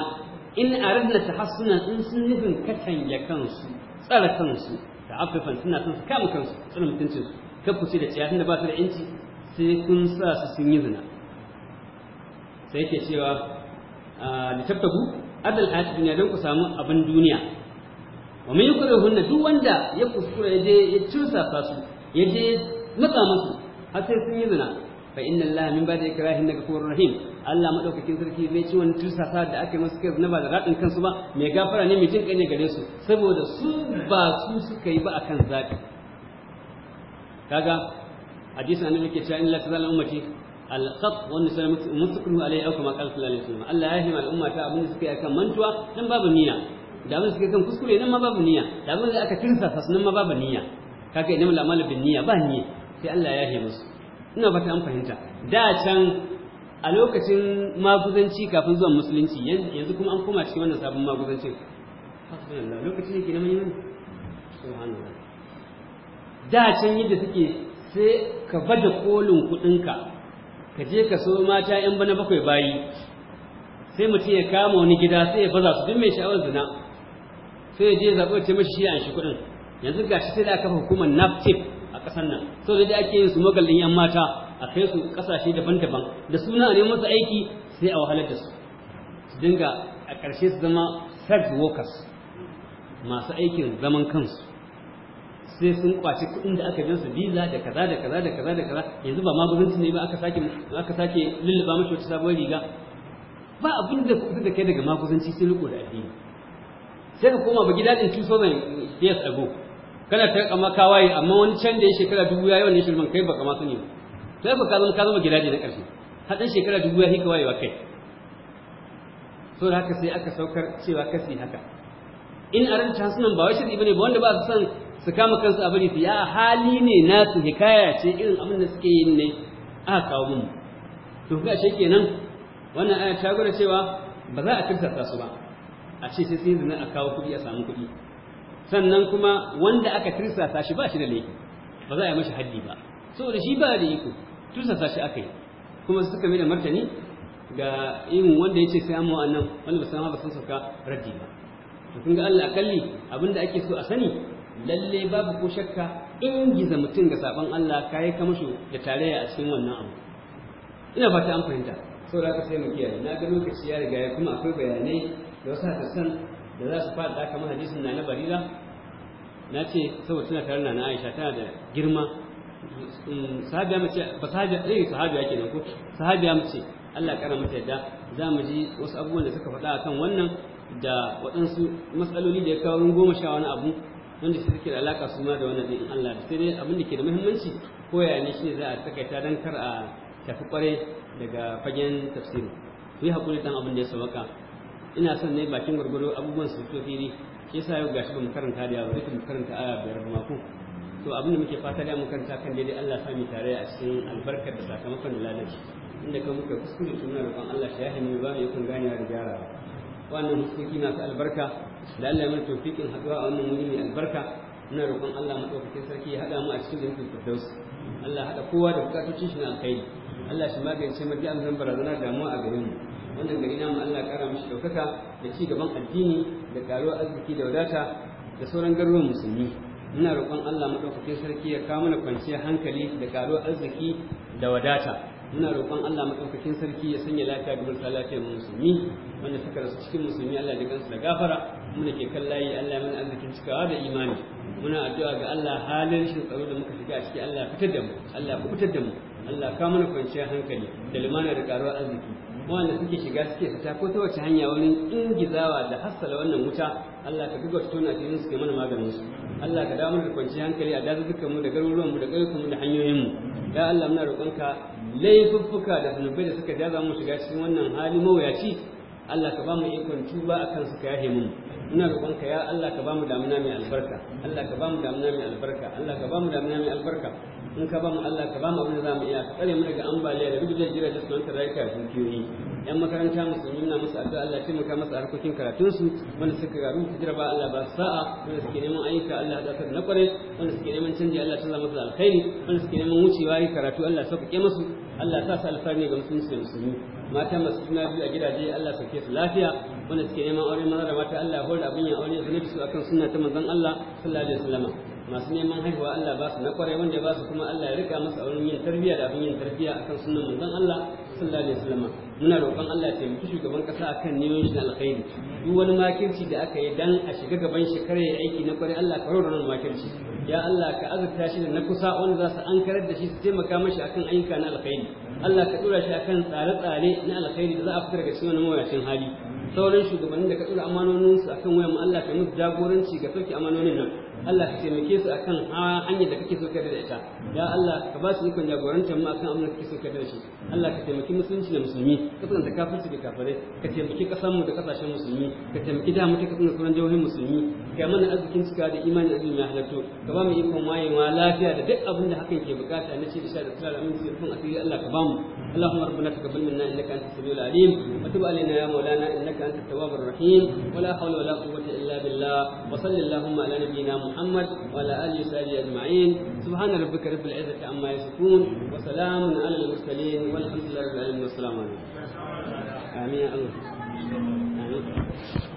in aradna tahassuna in sun nufin katange kansu tsara kansu ta afifan suna son su kama kansu tsara mutuncin su kafu da ciya tunda ba su da inci sai kun sa su sun yi zina sai yake cewa da ah, tabtahu adal hayati duniya don ku samu abin duniya wa mai yukuru hunna duk wanda ya kuskura ya je ya cirsa su ya je matsa musu har sai sun yi zina fa inna allaha min ba'da ikrahin na ghafurur rahim Allah madaukakin sarki zai ci wani da aka yi masu kai ba da radin kansu ba mai gafara ne mai jin kai ne gare su saboda su ba su suka yi ba akan zabi kaga hadisi annabi yake cewa inna tazal ummati al-qat wa nisal mutaqulu alayhi aw kama qala sallallahu alaihi wasallam Allah ya hima al-umma ta suka yi akan mantuwa dan babu niyya da abin suka yi kan kuskure nan ma babu niyya da abin da aka tursasa nan ma babu niyya kaga inna lamal bin niyya ba niyya sai Allah ya hima su ina ba ta an fahimta da can a lokacin maguzanci kafin zuwan musulunci yanzu kuma an koma cikin wannan sabon maguzancin lokacin yake na manyan subhanallah da can yadda suke sai ka baje kolin kudinka ka je ka so mata yan bana bakwai bayi sai mutum ya kama wani gida sai ya baza su duk mai sha'awar zina sai ya je zaɓo ce mashi shi an shi kuɗin yanzu shi sai da aka hukumar naftif a ƙasar nan sau da ake yin su magal yan mata a kai su ƙasashe daban-daban da suna a neman su aiki sai a wahalar da su su dinga a ƙarshe su zama sex workers masu aikin zaman kansu sai sun kwaci kuɗin da aka su visa da kaza da kaza da kaza da kaza yanzu ba ma gwamnati ne ba aka sake aka sake lullaba mashi wata sabuwar riga ba abin da kuɗi da kai daga maguzanci sai riko da addini sai ka koma ba gida din 2000 years ago kana ta kama kawaye amma wani can da ya shekara dubu ya yi wannan shirman kai baka ma sani ba kai baka zama ka zama gidaje na ƙarshe Haɗin shekara dubu ya yi kawaye wa kai So da haka sai aka saukar cewa kasi haka in a ranta hasunan ba wai ibi ne ba wanda ba su san su kama kansu a bari su ya hali ne na su hikaya ce irin abin da suke yin ne a kawo mun to ga shi kenan wannan aya ta gura cewa ba za a kirtasa su ba a ce sai sai zina a kawo kuɗi a samu kuɗi sannan kuma wanda aka tirsasa shi ba shi da laifi ba za a yi mashi haddi ba saboda shi ba da iko tirsasa shi aka yi kuma suka mai da martani ga yin wanda ya ce sai amma annan wanda ba san ba san saka raddi ba to kun ga Allah akalli abinda ake so a sani lalle babu ko shakka in ingiza mutum ga saban Allah kai ka mashi da tarayya a cikin wannan abu ina fata an fahimta saboda ka sai mu kiyaye na ga lokaci ya riga ya kuma akwai bayanai da wasu san da za su fada kamar hadisin na na barira na ce saboda suna tare na aisha tana da girma mm, sahabiya mace ba sahabiya eh sahabiya kenan ko sahabiya mace Allah kara mata yadda za mu ji wasu abubuwan da suka faɗa akan wannan da waɗansu matsaloli da ya kawo wurin goma sha wani abu wanda su suke da alaƙa su ma da wannan din Allah da sai dai abin da ke da muhimmanci koya ne shi za a takaita dan kar a tafi kware daga fagen tafsiri ku yi haƙuri dan abin da ya sauka ina son ne bakin gwargwaro abubuwan su to fili ke sa yau gashi ba mu karanta da yawa duka mu karanta aya biyar mako to abin da muke fata da mu karanta kan daidai Allah sami tare a cikin albarkar da sakamakon da lalace inda kan muka kuskure to muna Allah shi ya himi ba mu yakan ganewa da gyara wannan na masu albarka da Allah ya mana tawfiqin haɗuwa a wannan wuri mai albarka muna roƙon Allah madaukakin sarki ya haɗa mu a cikin yankin Firdaus Allah haɗa kowa da bukatun shi na alkhairi Allah shi magance mu da an barazana damuwa a gare mu wannan gari namu Allah kara mishi ɗaukaka da ci gaban addini da karuwar arziki da wadata da sauran garuruwan musulmi ina roƙon Allah maɗaukakin sarki ya kawo mana kwanciyar hankali da karuwar arziki da wadata muna roƙon Allah maɗaukakin sarki ya sanya lafiya ga marasa lafiyar musulmi wanda suka rasu cikin musulmi Allah da gansu da gafara muna ke kan layi Allah ya mana arzikin cikawa da imani muna addu'a ga Allah halin shi tsaro da muka shiga a ciki Allah fitar da mu Allah fitar da mu Allah ka mana kwanciyar hankali da lumana da karuwar arziki wanda suke shiga suke fita ko ta wace hanya wani ingizawa da hassala wannan wuta Allah ka buga su tona cikin suke mana maganin su Allah ka damu da kwanciyar hankali a dazuzzukan mu da garuruwan mu da ƙauyukan mu da hanyoyin mu ya Allah muna roƙonka laifuffuka da zunubai da suka jaza mu shiga cikin wannan hali mawuyaci Allah ka ba mu ikon tuba akan su ka yahe mu ina roƙonka ya Allah ka ba mu damuna mai albarka Allah ka ba mu damuna mai albarka Allah ka ba mu damuna mai albarka in ka ba mu Allah ka ba mu abin da za mu iya ka tsare mu daga ambaliya da rubutar da su don ka rayuka kiyoyi yan makaranta musulmi na musu addu'a Allah taimaka masa harkokin karatun su wanda suka garu jira ba Allah ba sa'a wanda suke neman ayyuka Allah da na kware wanda suke neman canji Allah ta zama da alkhairi wanda suke neman wucewa yi karatu Allah ya sauƙaƙe musu Allah ta sa alfarni ga musulmi da musulmi mata masu suna biyu a gidaje Allah sauke su lafiya wanda suke neman aure maza da mata Allah hore abin ya aure su ne su akan sunna ta manzon Allah sallallahu alaihi wasallam masu neman haihuwa Allah ba su na kwarai wanda ba su kuma Allah ya rika masa wurin yin tarbiyya da abin yin tarbiyya akan sunan manzon Allah sallallahu alaihi wasallam muna roƙon Allah ya taimaki shugaban kasa akan neman shi alkhairi duk wani makirci da aka yi dan a shiga gaban shi kare ya aiki na kwarai Allah ka rora makirci ya Allah ka azurta shi da na kusa wanda za su ankarar da shi su taimaka mashi akan ayyuka na alkhairi Allah ka dora shi akan tsare-tsare na alkhairi da za a fitar daga cikin wani mawuyacin hali sauran shugabannin da ka dora amanoninsu akan wayan mu Allah ka musu jagoranci ga sauki amanonin nan Allah ka taimake su akan hanyar da kake so ka da ita ya Allah ka ba su ikon jagorancin mu akan abin da kake so ka da shi Allah ka taimaki musulunci da musulmi ka tsananta kafirci da kafirai ka taimaki kasar mu da kasashen musulmi ka taimaki da muke kasan sauran jihohin musulmi ka mana arzikin cika da imani azumi ya halatto ka ba mu ikon wayewa lafiya da duk abin da hakan ke bukata na ce da sha da tsara amin sai kun asiri Allah ka ba mu اللهم ربنا تقبل منا انك انت السميع العليم وتب علينا يا مولانا انك انت التواب الرحيم ولا حول ولا قوه الا بالله والحمد لله رب العالمين والسلام عليكم آمين الله آمين